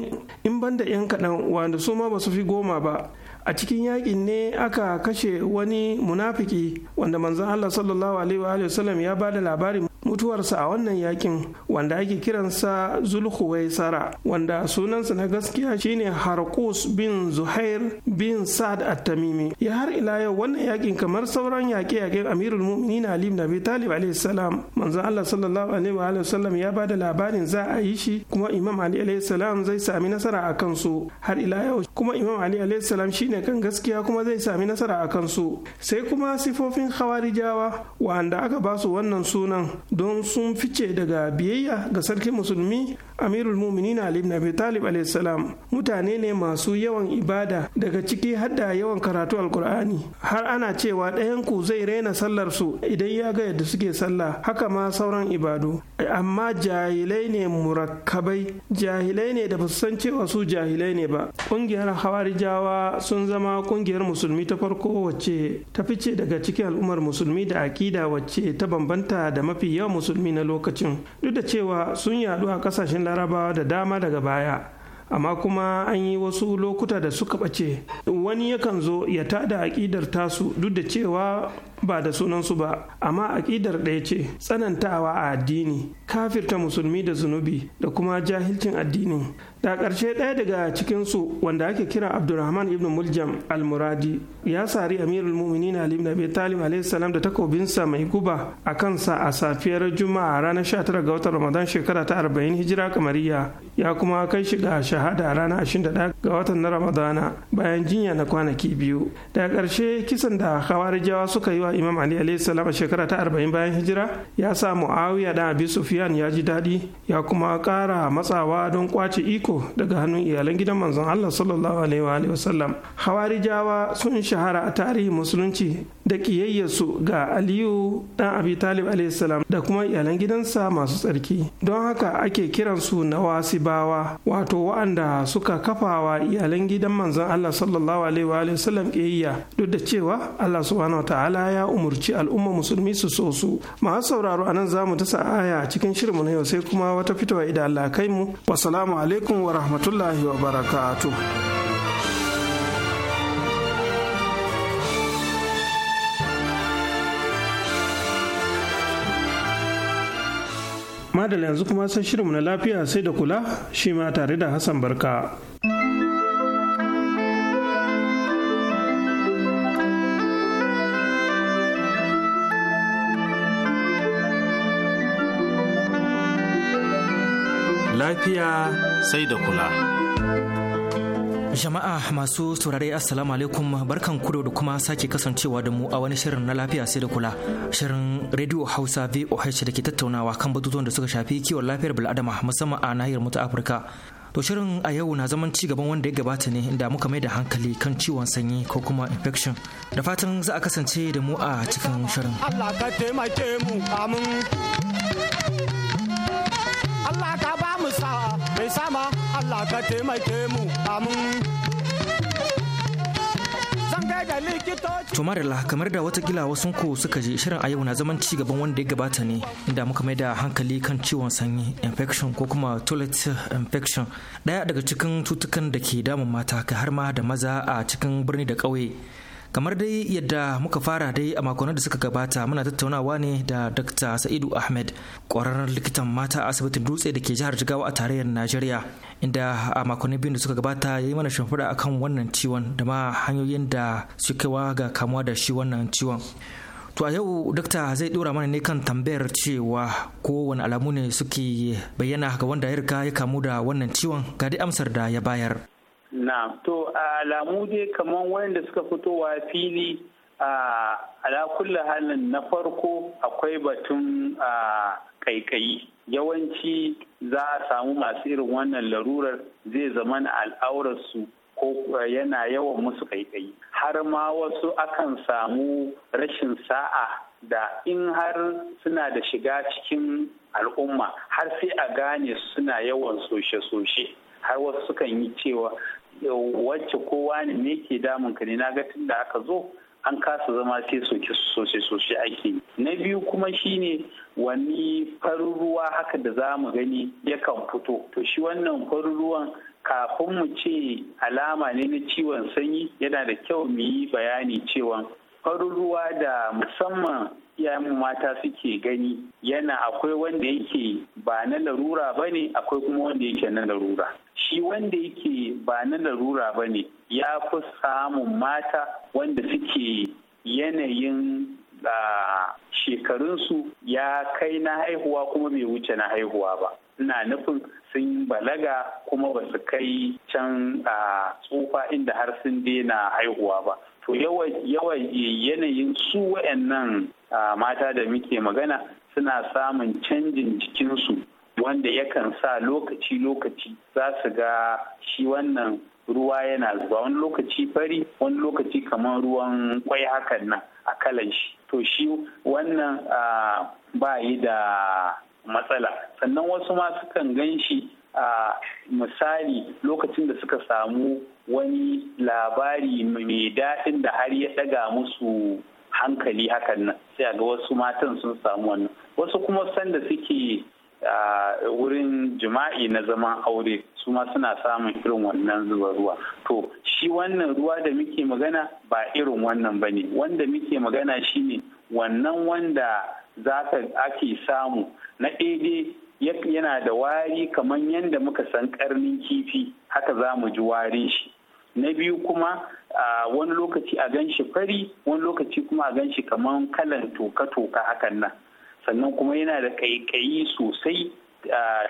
in banda 'yan kaɗan wanda su ma ba su fi goma ba a cikin yakin ne aka kashe wani munafiki wanda manzon Allah sallallahu alaihi wa sallam ya bada labarin mutuwarsa a wannan yakin wanda ake kiransa sara wanda sunansa na gaskiya shine harkus bin zuhair bin sa'ad at-tamimi ya har ila yau wannan yakin kamar sauran yaƙe-yaƙen amirul mu'minin ali ibn abi talib alaihi salam manzon Allah sallallahu alaihi wa ya bada labarin za a yi shi kuma imam ali alaihi salam zai sami nasara a kansu har ila yau kuma imam ali alaihi salam shine kan gaskiya kuma zai sami nasara a kansu sai kuma sifofin khawarijawa wanda aka basu wannan sunan don sun fice daga biyayya ga sarkin musulmi amirul muminin ali ibn abi talib alaihissalam mutane ne masu yawan ibada daga ciki hadda yawan karatu alkur'ani har ana cewa ɗayan ku zai raina sallar su idan ya ga yadda suke sallah haka ma sauran ibadu amma jahilai ne murakkabai jahilai ne da ba san cewa su jahilai ne ba ƙungiyar hawarijawa sun zama ƙungiyar musulmi ta farko wacce ta fice daga cikin al'ummar musulmi da akida wacce ta bambanta da mafi yawan musulmi na lokacin duk da cewa sun yadu a ƙasashen larabawa da dama daga baya amma kuma an yi wasu lokuta da suka ɓace wani yakan zo ya tada aƙidar tasu duk da cewa ba da sunansu ba amma aƙidar ɗaya ce tsanantawa a addini kafirta musulmi da zunubi da kuma jahilcin addini da ƙarshe ɗaya daga cikinsu wanda ake kira abdulrahman ibn muljam almuradi ya sari amirul muminin ali ibn abi talib salam da takobinsa mai guba a kansa a safiyar juma'a ranar 19 ga watan ramadan shekara ta 40 hijira kamariya ya kuma kai shi ga shahada ranar 21 ga watan na ramadana bayan jinya na kwanaki biyu da ƙarshe kisan da hawarijawa suka yi wa cewa imam ali alayhi salam shekara ta arba'in bayan hijira ya sa muawiya da abi Sufiyan ya ji daɗi ya kuma ƙara matsawa don kwace iko daga hannun iyalan gidan manzon allah sallallahu alaihi wa sallam hawarijawa sun shahara a tarihin musulunci da ƙiyayyarsu ga aliyu ɗan abi talib salam da kuma iyalan gidansa masu tsarki don haka ake kiransu na wasibawa wato wa'anda suka kafawa iyalan gidan manzon allah sallallahu alaihi wa sallam ƙiyayya duk da cewa allah subhanahu ta'ala ya umurci al'umma musulmi su so su masu sauraro anan za mu tasa aya cikin shirinmu na yau sai kuma wata fitowa idan allah kai mu wasalamu alaikum wa rahmatullahi wa barakatuh madalla yanzu kuma san shirinmu na lafiya sai da kula shi ma tare da hassan barka lafiya sai da kula Jama'a masu saurare Assalamu alaikum barkan kudo da kuma sake kasancewa da mu a wani shirin na lafiya sai da kula. Shirin Radio Hausa VOH da ke tattaunawa kan batutuwan da suka shafi kiwon lafiyar bil'adama musamman a nahiyar mu ta Afirka. To shirin a yau na zaman ci gaban wanda ya gabata ne inda muka mai da hankali kan ciwon sanyi ko kuma infection. Da fatan za a kasance da mu a cikin shirin. Allah ka taimake mu amin. Allah ka ba mu sa'a. sama Allah ka taimake mu amin marilla kamar da watakila wasu ku suka je shirin a yau na zaman ci gaban wanda ya gabata ne inda muka mai da hankali kan ciwon sanyi infection ko kuma toilet infection daya daga cikin cutukan da ke damun mata ka har ma da maza a cikin birni da kauye. kamar dai yadda muka fara dai a makonan da suka gabata muna tattaunawa ne da dr sa'idu ahmed ƙwararren likitan mata a asibitin dutse da ke jihar jigawa a tarayyar najeriya inda a makonni biyu da suka gabata ya yi mana shimfiɗa kan wannan ciwon da ma hanyoyin da kaiwa ga kamuwa da shi wannan ciwon to a yau dokta zai dora mana ne kan tambayar cewa ko wani alamu ne suke bayyana ga wanda ya riga ya kamu da wannan ciwon ga dai amsar da ya bayar na to alamu dai kamar wanda suka fitowa fili a kulli halin na farko akwai batun kaikayi yawanci za a samu masu irin wannan larurar zai zama al'aurarsu ko yana yawan musu kaikayi har ma wasu akan samu rashin sa'a da in har suna da shiga cikin al'umma har sai a gane suna yawan soshe-soshe har wasu sukan yi cewa wacce kowa ne me ke damun ka ne na ga tun da aka zo an kasa zama sai soke sosai sosai ake na biyu kuma shine wani farin ruwa haka da za mu gani yakan fito to shi wannan farin ruwan kafin mu ce alama ne na ciwon sanyi yana da kyau mu yi bayani cewa farin ruwa da musamman iyayen mata suke gani yana akwai wanda yake ba na larura ba ne akwai kuma wanda yake na larura shi wanda yake ba na larura ba ne ya fi samun mata wanda suke yanayin da shekarunsu ya kai na haihuwa kuma bai wuce na haihuwa ba ina nufin sun balaga kuma ba su kai can a tsufa inda har sun daina haihuwa ba to yawan yanayin su wa'annan mata da muke magana suna samun canjin jikinsu wanda yakan sa lokaci-lokaci za su ga shi wannan ruwa yana zuba wani lokaci fari wani lokaci kamar ruwan kwai hakan nan a kalan shi to shi wannan ba yi da matsala sannan wasu ma sukan gan shi a misali lokacin da suka samu wani labari mai daɗin da har ya ɗaga musu hankali hakan nan sai ga wasu matan sun samu wannan wasu kuma sanda suke a wurin jima'i na zaman aure su ma suna samun irin wannan zuba ruwa to shi wannan ruwa da muke magana ba irin wannan ba ne wanda muke magana shine wannan wanda za ka ake samu na daidai yana da wari kamar yadda muka san karnin kifi haka za mu ji warin shi na biyu kuma wani lokaci a gan shi fari wani lokaci kuma a gan shi kamar kalan toka-toka hakan nan sannan kuma yana da kaikayi sosai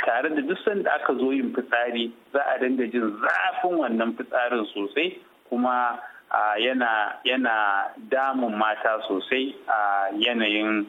tare da duk sanda aka zo yin fitsari za a dinga jin zafin wannan fitsarin sosai kuma yana damun mata sosai a yanayin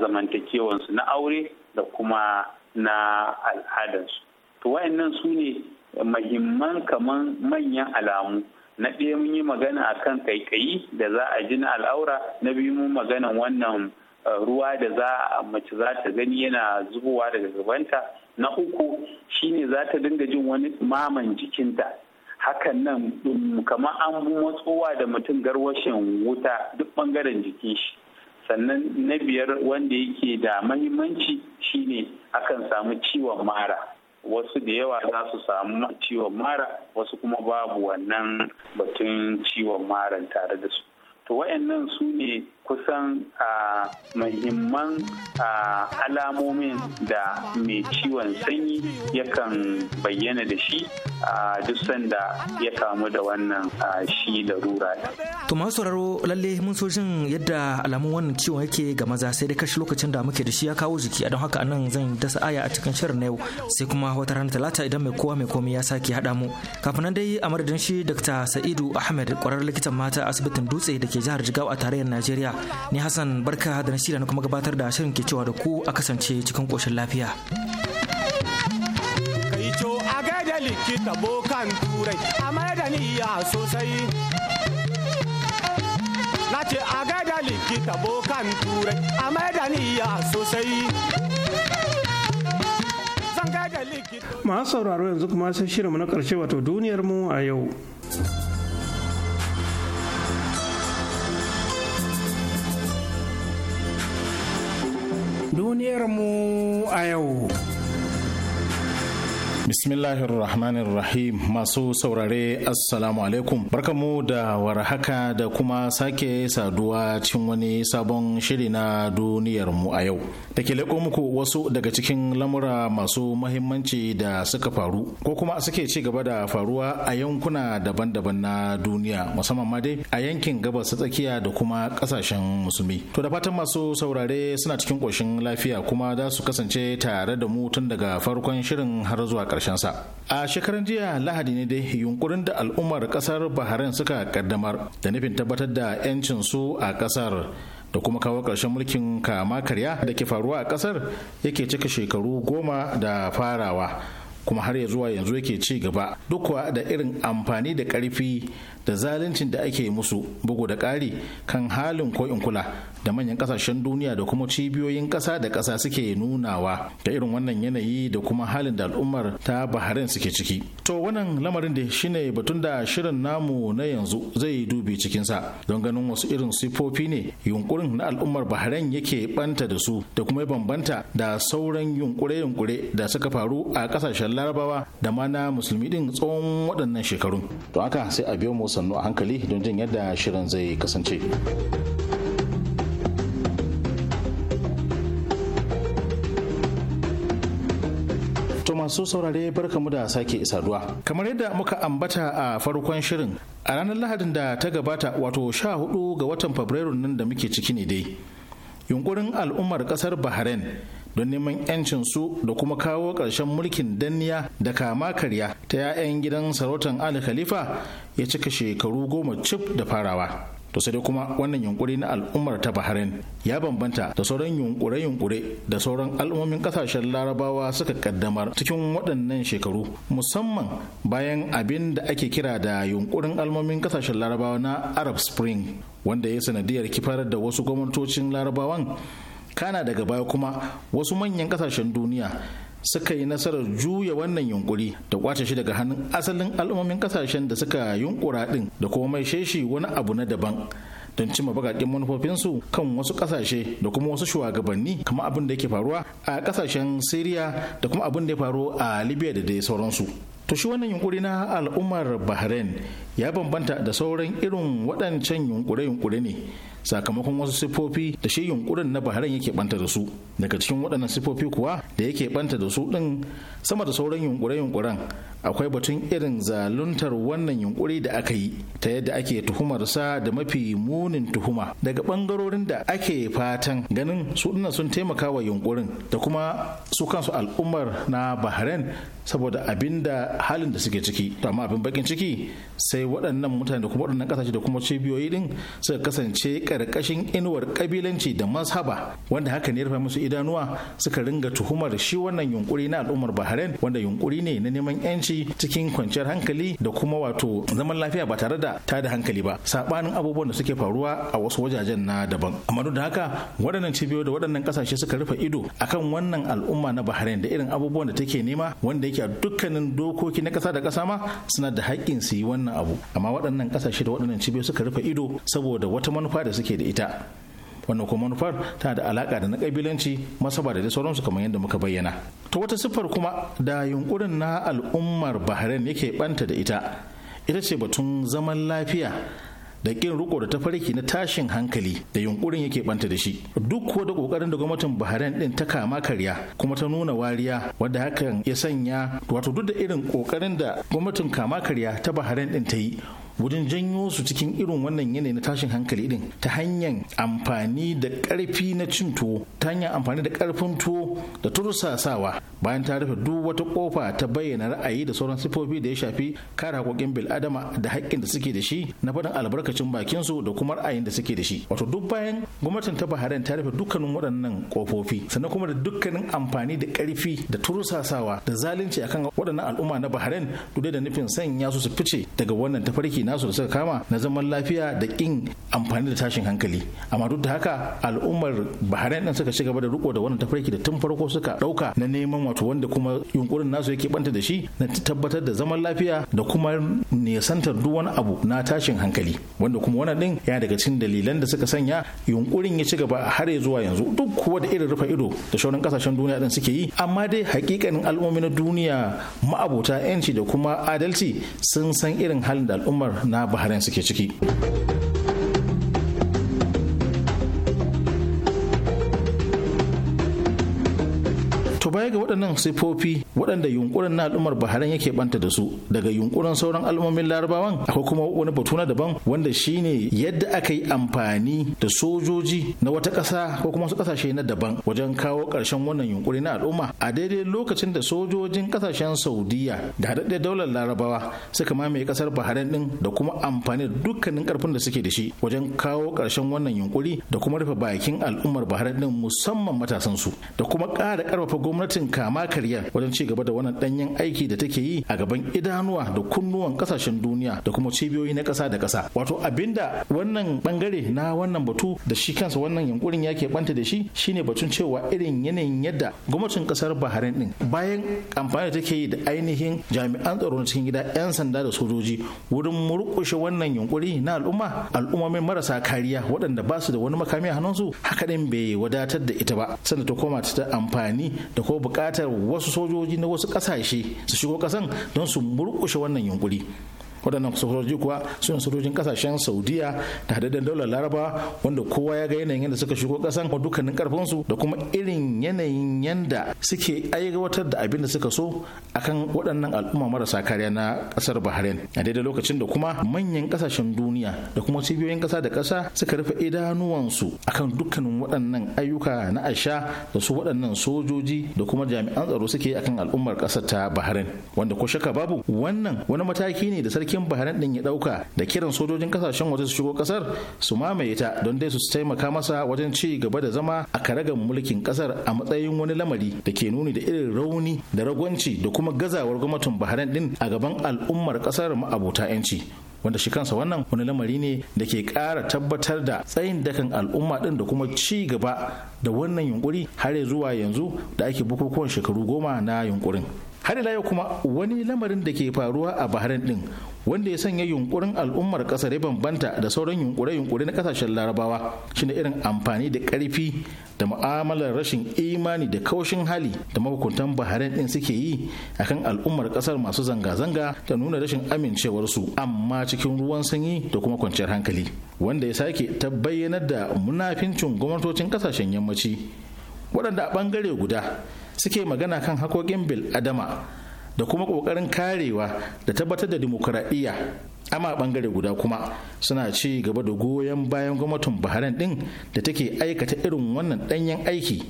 zamantakewansu na aure da kuma na al'adarsu to wayannan su ne mahimman kamar manyan alamu na ɗaya mun yi magana a kan kaikayi da za a ji na al'aura na biyu mun magana wannan eh, ruwa da za a mace za ta gani yana zubowa daga gabanta na uku shine za ta dinga jin wani maman jikinta hakan nan um, kamar an matsowa da mutum garwashin wuta duk bangaren jikin shi sannan na biyar wanda yake da mahimmanci shine akan samu ciwon mara wasu da yawa za su samu ciwon mara wasu kuma babu wannan batun ciwon maran tare da su to wayannan su ne kusan a ah, mahimman ah, alamomin da mai ciwon sanyi yakan bayyana da shi a ah, duk sanda ya kamu da wannan shi larura to masu sauraro lalle mun so jin yadda alamun wannan ciwon yake ga maza sai dai kashi lokacin da muke da shi ya kawo jiki a don haka nan zan dasa aya a cikin shirin na yau sai kuma wata rana talata idan mai kowa mai komai ya sake haɗa mu kafin nan dai a madadin shi dr sa'idu ahmed kwarar likitan mata asibitin dutse da ke jihar jigawa a tarayyar najeriya ni hassan barka da nasira na kuma gabatar da shirin ke cewa da ku a kasance cikin koshin lafiya kai co a gaida likita bokan turai a da niyya sosai na ce a gaida likita bokan turai a da niyya sosai masu sauraro yanzu kuma sai shirinmu na ƙarshe wato duniyarmu a yau duniyarmu a yau. Bismillahir Rahmanir Rahim, masu saurare assalamu alaikum barkamu da warhaka da kuma sake saduwa cikin wani sabon shiri na duniyar mu a yau da ke leko muku wasu daga cikin lamura masu mahimmanci da suka faru ko kuma suke ci gaba da faruwa a yankuna daban-daban na duniya musamman ma dai a yankin gabas tsakiya da kuma kasashen musulmi to da fatan masu saurare suna cikin koshin lafiya kuma za su kasance tare da mu tun daga farkon shirin har zuwa sa. a shekaran jiya lahadi ne dai yunkurin da al'ummar kasar bahrain suka kaddamar da nufin tabbatar da 'yancin su a kasar da kuma kawo ƙarshen mulkin kama karya da ke faruwa a kasar yake cika shekaru goma da farawa kuma har ya zuwa yanzu yake ci gaba duk kuwa da irin amfani da ƙarfi da zaluncin da ake musu bugu da ƙari kan halin ko in kula da manyan kasashen duniya da kuma cibiyoyin kasa da kasa suke nunawa da irin wannan yanayi da kuma halin da al'ummar ta baharin suke ciki. To wannan lamarin da shine batun da shirin namu na yanzu zai dubi cikinsa don ganin wasu irin sifofi ne yunkurin na al'ummar Bahrain yake banta da su da kuma bambanta da sauran yunkure-yunkure da suka faru a kasashen larabawa da ma na musulmi din tsawon waɗannan shekarun. To haka sai a biyo mu sannu a hankali don jin yadda shirin zai kasance. masu saurare barkamu da sake saduwa. Kamar yadda muka ambata a farkon shirin a ranar Lahadin da ta gabata wato sha hudu ga watan Fabrairu nan da muke ciki ne dai. Yunkurin al'ummar kasar Bahrain don neman 'yancin su da kuma kawo ƙarshen mulkin danniya da kama karya ta 'ya'yan gidan sarautar Ali Khalifa ya cika shekaru goma cif da farawa. to sai dai kuma wannan yunkuri na al'ummar ta bahrain ya bambanta da sauran yunkure-yunkure da sauran al'ummomin kasashen larabawa suka kaddamar cikin waɗannan shekaru musamman bayan abin da ake kira da yunkurin al'ummomin kasashen larabawa na arab spring wanda ya sanadiyar kifar da wasu gwamnatocin larabawan kana daga baya kuma wasu manyan kasashen duniya suka yi nasarar juya wannan yunkuri da kwace shi daga hannun asalin al'ummomin kasashen da suka yunkura din da kuma mai sheshi wani abu na daban don cimma bakakin manufofinsu kan wasu ƙasashe da kuma wasu shugabanni kamar abin da yake faruwa a ƙasashen syria da kuma abin da ya faru a libya da dai sauransu to shi wannan yunkuri na al'ummar bahrain ya bambanta da sauran irin waɗancan yunkure-yunkure ne sakamakon wasu siffofi da shi yunkurin na Bahrain yake banta da su daga cikin waɗannan siffofi kuwa da yake banta da su ɗin sama da sauran yunkure-yunkuren akwai batun irin zaluntar wannan yunkuri da aka yi ta yadda ake tuhumarsa da mafi munin tuhuma daga ɓangarorin da ake fatan ganin su ɗin sun taimaka wa yunkurin da kuma su kansu al'ummar na Bahrain saboda abin da halin da suke ciki to amma abin bakin ciki sai waɗannan mutane da kuma waɗannan ƙasashe da kuma cibiyoyi ɗin suka kasance karkashin inuwar kabilanci da mazhaba wanda haka ne rufe musu idanuwa suka ringa tuhumar shi wannan yunkuri na al'ummar bahrain wanda yunkuri ne na neman yanci cikin kwanciyar hankali da kuma wato zaman lafiya ba tare da ta da hankali ba sabanin abubuwan da suke faruwa a wasu wajajen na daban amma duk da haka waɗannan cibiyoyi da waɗannan kasashe suka rufe ido akan wannan al'umma na bahrain da irin abubuwan da take nema wanda yake a dukkanin dokoki na ƙasa da ƙasa ma suna da haƙƙin su yi wannan abu amma waɗannan ƙasashe da waɗannan cibiyoyi suka rufe ido saboda wata manufa da suke da ita wannan kuma manufar tana da alaka da na kabilanci masaba da sauransu kamar yadda muka bayyana to wata siffar kuma da yunkurin na al'ummar bahrain yake banta da ita ita ce batun zaman lafiya da kin riko da tafarki na tashin hankali da yunkurin yake banta da shi duk kuwa da kokarin da gwamnatin Bahrain din ta kama karya kuma ta nuna wariya wadda hakan ya sanya wato duk da irin kokarin da gwamnatin kama karya ta Bahrain din ta yi wajen janyo su cikin irin wannan yanayi na tashin hankali din ta hanyar amfani da karfi na cin tuwo ta hanyar amfani da karfin tuwo da tursasawa bayan ta rufe duk wata kofa ta bayyana ra'ayi da sauran sifofi da ya shafi kare haƙoƙin adama da haƙƙin da suke da shi na faɗin albarkacin bakin su da kuma ra'ayin da suke da shi wato duk bayan gwamnatin ta Bahrain ta rufe dukkanin waɗannan kofofi sannan kuma da dukkanin amfani da karfi da tursasawa da zalunci akan waɗannan al'umma na Bahrain duk da nufin sanya su su fice daga wannan tafarki nasu da suka kama na zaman lafiya da kin amfani da tashin hankali amma duk da haka al'ummar bahrain din suka shiga da riko da wannan tafarki da tun farko suka dauka na neman wato wanda kuma yunkurin nasu yake banta da shi na tabbatar da zaman lafiya da kuma nisantar duk wani abu na tashin hankali wanda kuma wannan din yana daga cikin dalilan da suka sanya yunkurin ya ci gaba har ya zuwa yanzu duk kuwa da irin rufe ido da shauran kasashen duniya din suke yi amma dai hakikanin al'ummomi na duniya ma'abota yanci da kuma adalci sun san irin halin da al'ummar na bahrain suke ciki. baya ga waɗannan sifofi waɗanda yunkurin na al'ummar Bahrain yake banta da su daga yunkurin sauran al'ummomin Larabawan akwai kuma wani batu na daban wanda shine yadda aka yi amfani da sojoji na wata ƙasa ko kuma wasu ƙasashe na daban wajen kawo ƙarshen wannan yunkuri na al'umma a daidai lokacin da sojojin ƙasashen Saudiya da haɗaɗɗiyar daular Larabawa suka mamaye ƙasar Bahrain ɗin da kuma amfani da dukkanin ƙarfin da suke da shi wajen kawo ƙarshen wannan yunkuri da kuma rufe bakin al'ummar Bahrain din musamman matasan su da kuma ƙara ƙarfafa gwamnati gwamnatin kama karyar wajen ci gaba da wannan danyen aiki da take yi a gaban idanuwa da kunnuwan kasashen duniya da kuma cibiyoyi na kasa da kasa wato abinda wannan bangare na wannan batu da shi kansa wannan yankurin yake banta da shi shine batun cewa irin yanayin yadda gwamnatin kasar Bahrain din bayan amfani da take yi da ainihin jami'an tsaro na cikin gida 'yan sanda da sojoji wurin murƙushe wannan yunkuri na al'umma al'ummomin marasa kariya waɗanda ba su da wani makami a hannunsu haka din bai wadatar da ita ba sanda ta koma ta amfani da ko ko buƙatar wasu sojoji na wasu ƙasashe su shigo ƙasan don su murƙushe wannan yunkuri waɗannan sojoji kuwa suna sojojin kasashen saudiya da hadadin daular laraba wanda kowa ya ga yanayin yadda suka shigo ƙasan ko dukkanin karfinsu da kuma irin yanayin yadda suke aiwatar da abin da suka so akan waɗannan al'umma marasa kariya na ƙasar bahrain a daidai lokacin da kuma manyan ƙasashen duniya da kuma cibiyoyin ƙasa da ƙasa suka rufe idanuwansu akan dukkanin waɗannan ayyuka na asha da su waɗannan sojoji da kuma jami'an tsaro suke akan al'ummar ƙasar ta bahrain wanda ko shaka babu wannan wani mataki ne da sarki sarkin bahrain din ya dauka da kiran sojojin kasashen waje su shigo kasar su mamaye ta don dai su taimaka masa wajen ci gaba da zama a karagan mulkin kasar a matsayin wani lamari da ke nuni da irin rauni da ragwanci da kuma gazawar gwamnatin bahrain din a gaban al'ummar kasar ma'abota 'yanci wanda shi kansa wannan wani lamari ne da ke kara tabbatar da tsayin dakan al'umma din da kuma ci gaba da wannan yunkuri har zuwa yanzu da ake bukukuwan shekaru goma na yunkurin har ila yau kuma wani lamarin da ke faruwa a bahrain din wanda ya sanya yunkurin al'ummar kasar ya bambanta da sauran yunkure-yunkure na kasashen larabawa shine irin amfani da karfi da mu'amalar rashin imani da kaushin hali da mahukuntan bahrain din suke yi akan al'ummar kasar masu zanga-zanga da nuna rashin amincewarsu amma cikin ruwan sanyi da kuma kwanciyar hankali wanda ya sake ta bayyanar da munafincin gwamnatocin kasashen yammaci waɗanda a ɓangare guda suke magana kan hakokin bil adama da kuma kokarin karewa da tabbatar da dimokuraɗiyya amma bangare guda kuma suna ci gaba da goyon bayan gwamnatin bahrain din da take aikata irin wannan danyen aiki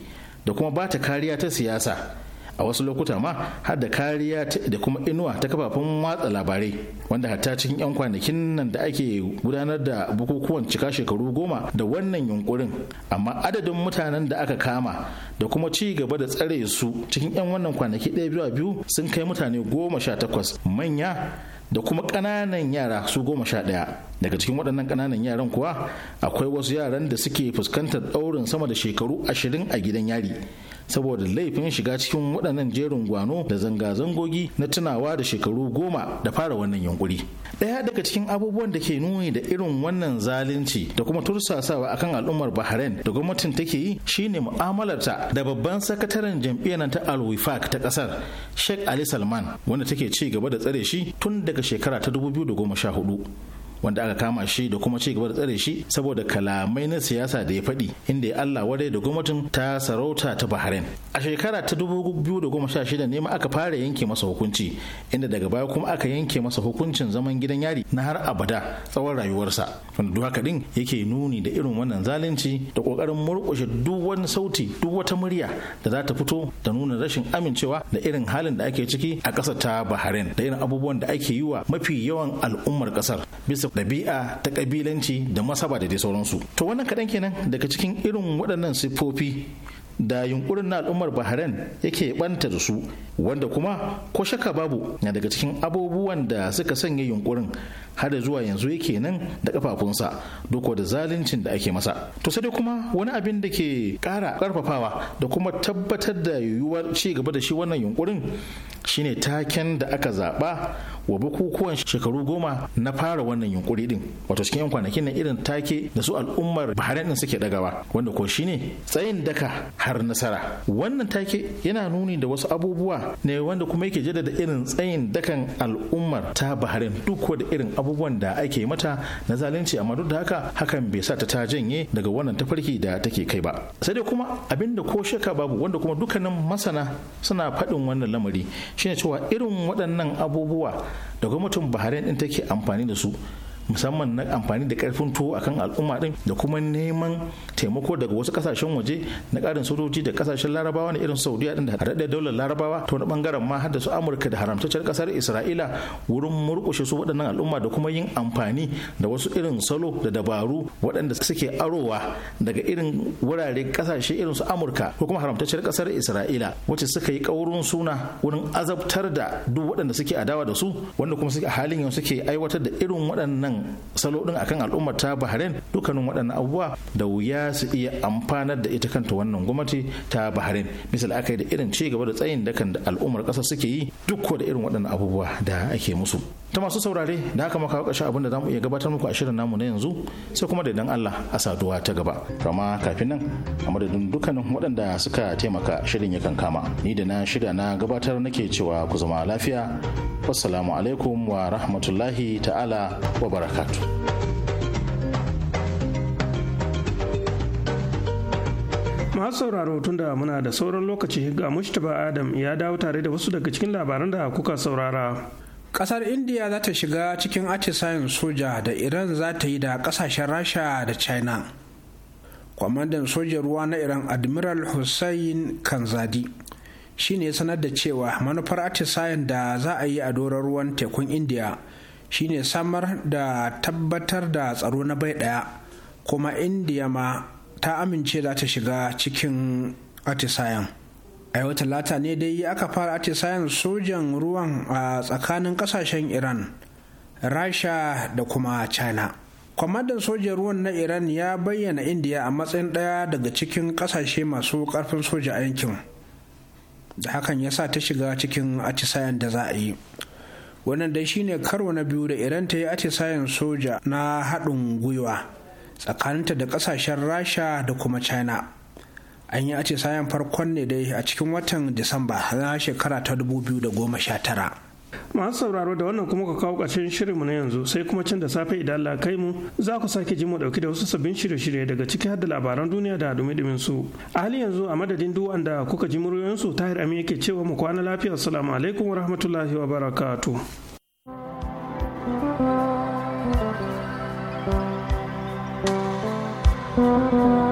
da kuma ba ta kariya ta siyasa a wasu lokuta ma har da kariya da kuma inuwa ta kafafen watsa labarai wanda hatta cikin 'yan kwanakin nan da ake gudanar da bukukuwan cika shekaru goma da wannan yunkurin amma adadin mutanen da aka kama da kuma ci gaba da tsare su cikin 'yan wannan kwanaki ɗaya biyu biyu sun kai mutane goma sha takwas manya da kuma ƙananan yara su goma sha ɗaya daga cikin waɗannan ƙananan yaran kuwa akwai wasu yaran da suke fuskantar ɗaurin sama da shekaru ashirin a gidan yari saboda laifin shiga cikin waɗannan jerin gwano da zanga-zangogi na tunawa da shekaru goma da fara wannan yunkuri ɗaya daga cikin abubuwan da ke nuni da irin wannan zalunci da kuma tursasawa akan al'ummar bahrain da gwamnatin take yi shine mu'amalarta da babban sakataren jam'iyyar ta al-wifaq ta ƙasar sheikh ali salman wanda take ci gaba da tsare shi tun daga shekara ta 2014 wanda aka kama shi da kuma ci gaba da tsare shi saboda kalamai na siyasa da ya faɗi inda ya Allah wadai da gwamnatin ta sarauta ta Bahrain. A shekara ta 2016 ne ma aka fara yanke masa hukunci inda daga baya kuma aka yanke masa hukuncin zaman gidan yari na har abada tsawon rayuwarsa. Wanda duk haka din yake nuni da irin wannan zalunci da kokarin murƙushe duk wani sauti duk wata murya da za ta fito da nuna rashin amincewa da irin halin da ake ciki a ƙasar ta Bahrain da irin abubuwan da ake yi wa mafi yawan al'ummar ƙasar bisa ɗabi'a ta ƙabilanci da masaba da dai sauransu to wannan kaɗan kenan daga cikin irin waɗannan siffofi da yunkurin na al'ummar bahrain yake ɓanta da su wanda kuma ko shaka babu na daga cikin abubuwan da suka sanya yunkurin har da zuwa yanzu yake nan da kafafunsa doko da zaluncin da ake masa to sai dai kuma wani abin da ke ƙara ƙarfafawa da kuma tabbatar da yiwuwar ci gaba da shi wannan yunkurin shine taken da aka zaɓa. wa bukukuwan shekaru goma na fara wannan yunkuri din wato cikin yan kwanakin nan irin take da su al'ummar Bahrain din suke dagawa wanda ko shine tsayin daka har nasara wannan take yana nuni da wasu abubuwa ne wanda kuma yake jaddada irin tsayin dakan al'ummar ta Bahrain duk da irin abubuwan da ake mata na zalunci amma duk da haka hakan bai sa ta ta janye daga wannan tafarki da take kai ba sai dai kuma abinda ko shaka babu wanda kuma dukkanin masana suna faɗin wannan lamari shine cewa irin waɗannan abubuwa da gwamnatin baharin din take amfani da su musamman na amfani da karfin tuwo akan al'umma din da kuma neman taimako daga wasu kasashen waje na karin sojoji da kasashen larabawa na irin saudiya din da haɗaɗɗe daular larabawa ta na bangaren ma har da su amurka da haramtaccen kasar isra'ila wurin murƙushe su waɗannan al'umma da kuma yin amfani da wasu irin salo da dabaru waɗanda suke arowa daga irin wurare kasashe irin su amurka ko kuma haramtaccen kasar isra'ila wacce suka yi ƙaurin suna wurin azabtar da duk waɗanda suke adawa da su wanda kuma suke halin yanzu suke aiwatar da irin waɗannan salo din akan al'ummar ta Bahrain dukkanin waɗannan abubuwa da wuya su iya amfanar da ita kanta wannan gwamnati ta Bahrain misali aka yi da irin ci gaba da tsayin dakan da al'ummar ƙasa suke yi duk da irin waɗannan abubuwa da ake musu ta masu saurare da haka maka kashe abin da zamu iya gabatar muku a shirin namu na yanzu sai kuma da dan Allah a saduwa ta gaba amma kafin nan a madadin dukkanin waɗanda suka taimaka shirin yakan kama ni da na shirya na gabatar nake cewa ku zama lafiya wassalamu alaikum wa rahmatullahi ta'ala wa barakatu. masu sauraro tunda muna da sauran lokaci ga mushtaba adam ya dawo tare da wasu daga cikin labaran da kuka saurara kasar india za ta shiga cikin atisayen soja da iran za ta yi da kasashen rasha da china kwamandan sojan ruwa na iran admiral hussein kanzadi shine sanar da cewa manufar atisayen da za a yi a doron ruwan tekun india shine samar da tabbatar da tsaro na bai daya kuma india ma ta amince za ta shiga cikin atisayen a yau talata ne dai aka fara atisayen sojan ruwan a tsakanin kasashen iran rasha da kuma china kwamandan sojan ruwan na iran ya bayyana indiya a matsayin ɗaya daga cikin kasashe masu karfin soja a yankin da hakan ya sa ta shiga cikin atisayen da za a yi wannan dai shine karo na biyu da iran ta yi atisayen soja na haɗin gwiwa tsakaninta da ƙasashen rasha da kuma china an yi ace sayan farkon ne dai a cikin watan disamba na shekara ta dubu biyu da goma sha tara. masu sauraro da wannan kuma ka kawo ƙarshen shirinmu na yanzu sai kuma can da safe idan Allah kai mu za ku sake ji mu dauki da wasu sabbin shirye-shirye daga ciki har da labaran duniya da dumi-dumin su a halin yanzu a madadin duk wanda kuka ji muryoyin su tahir amin yake cewa mu kwana lafiya assalamu alaikum wa rahmatullahi wa barakatu!" thank you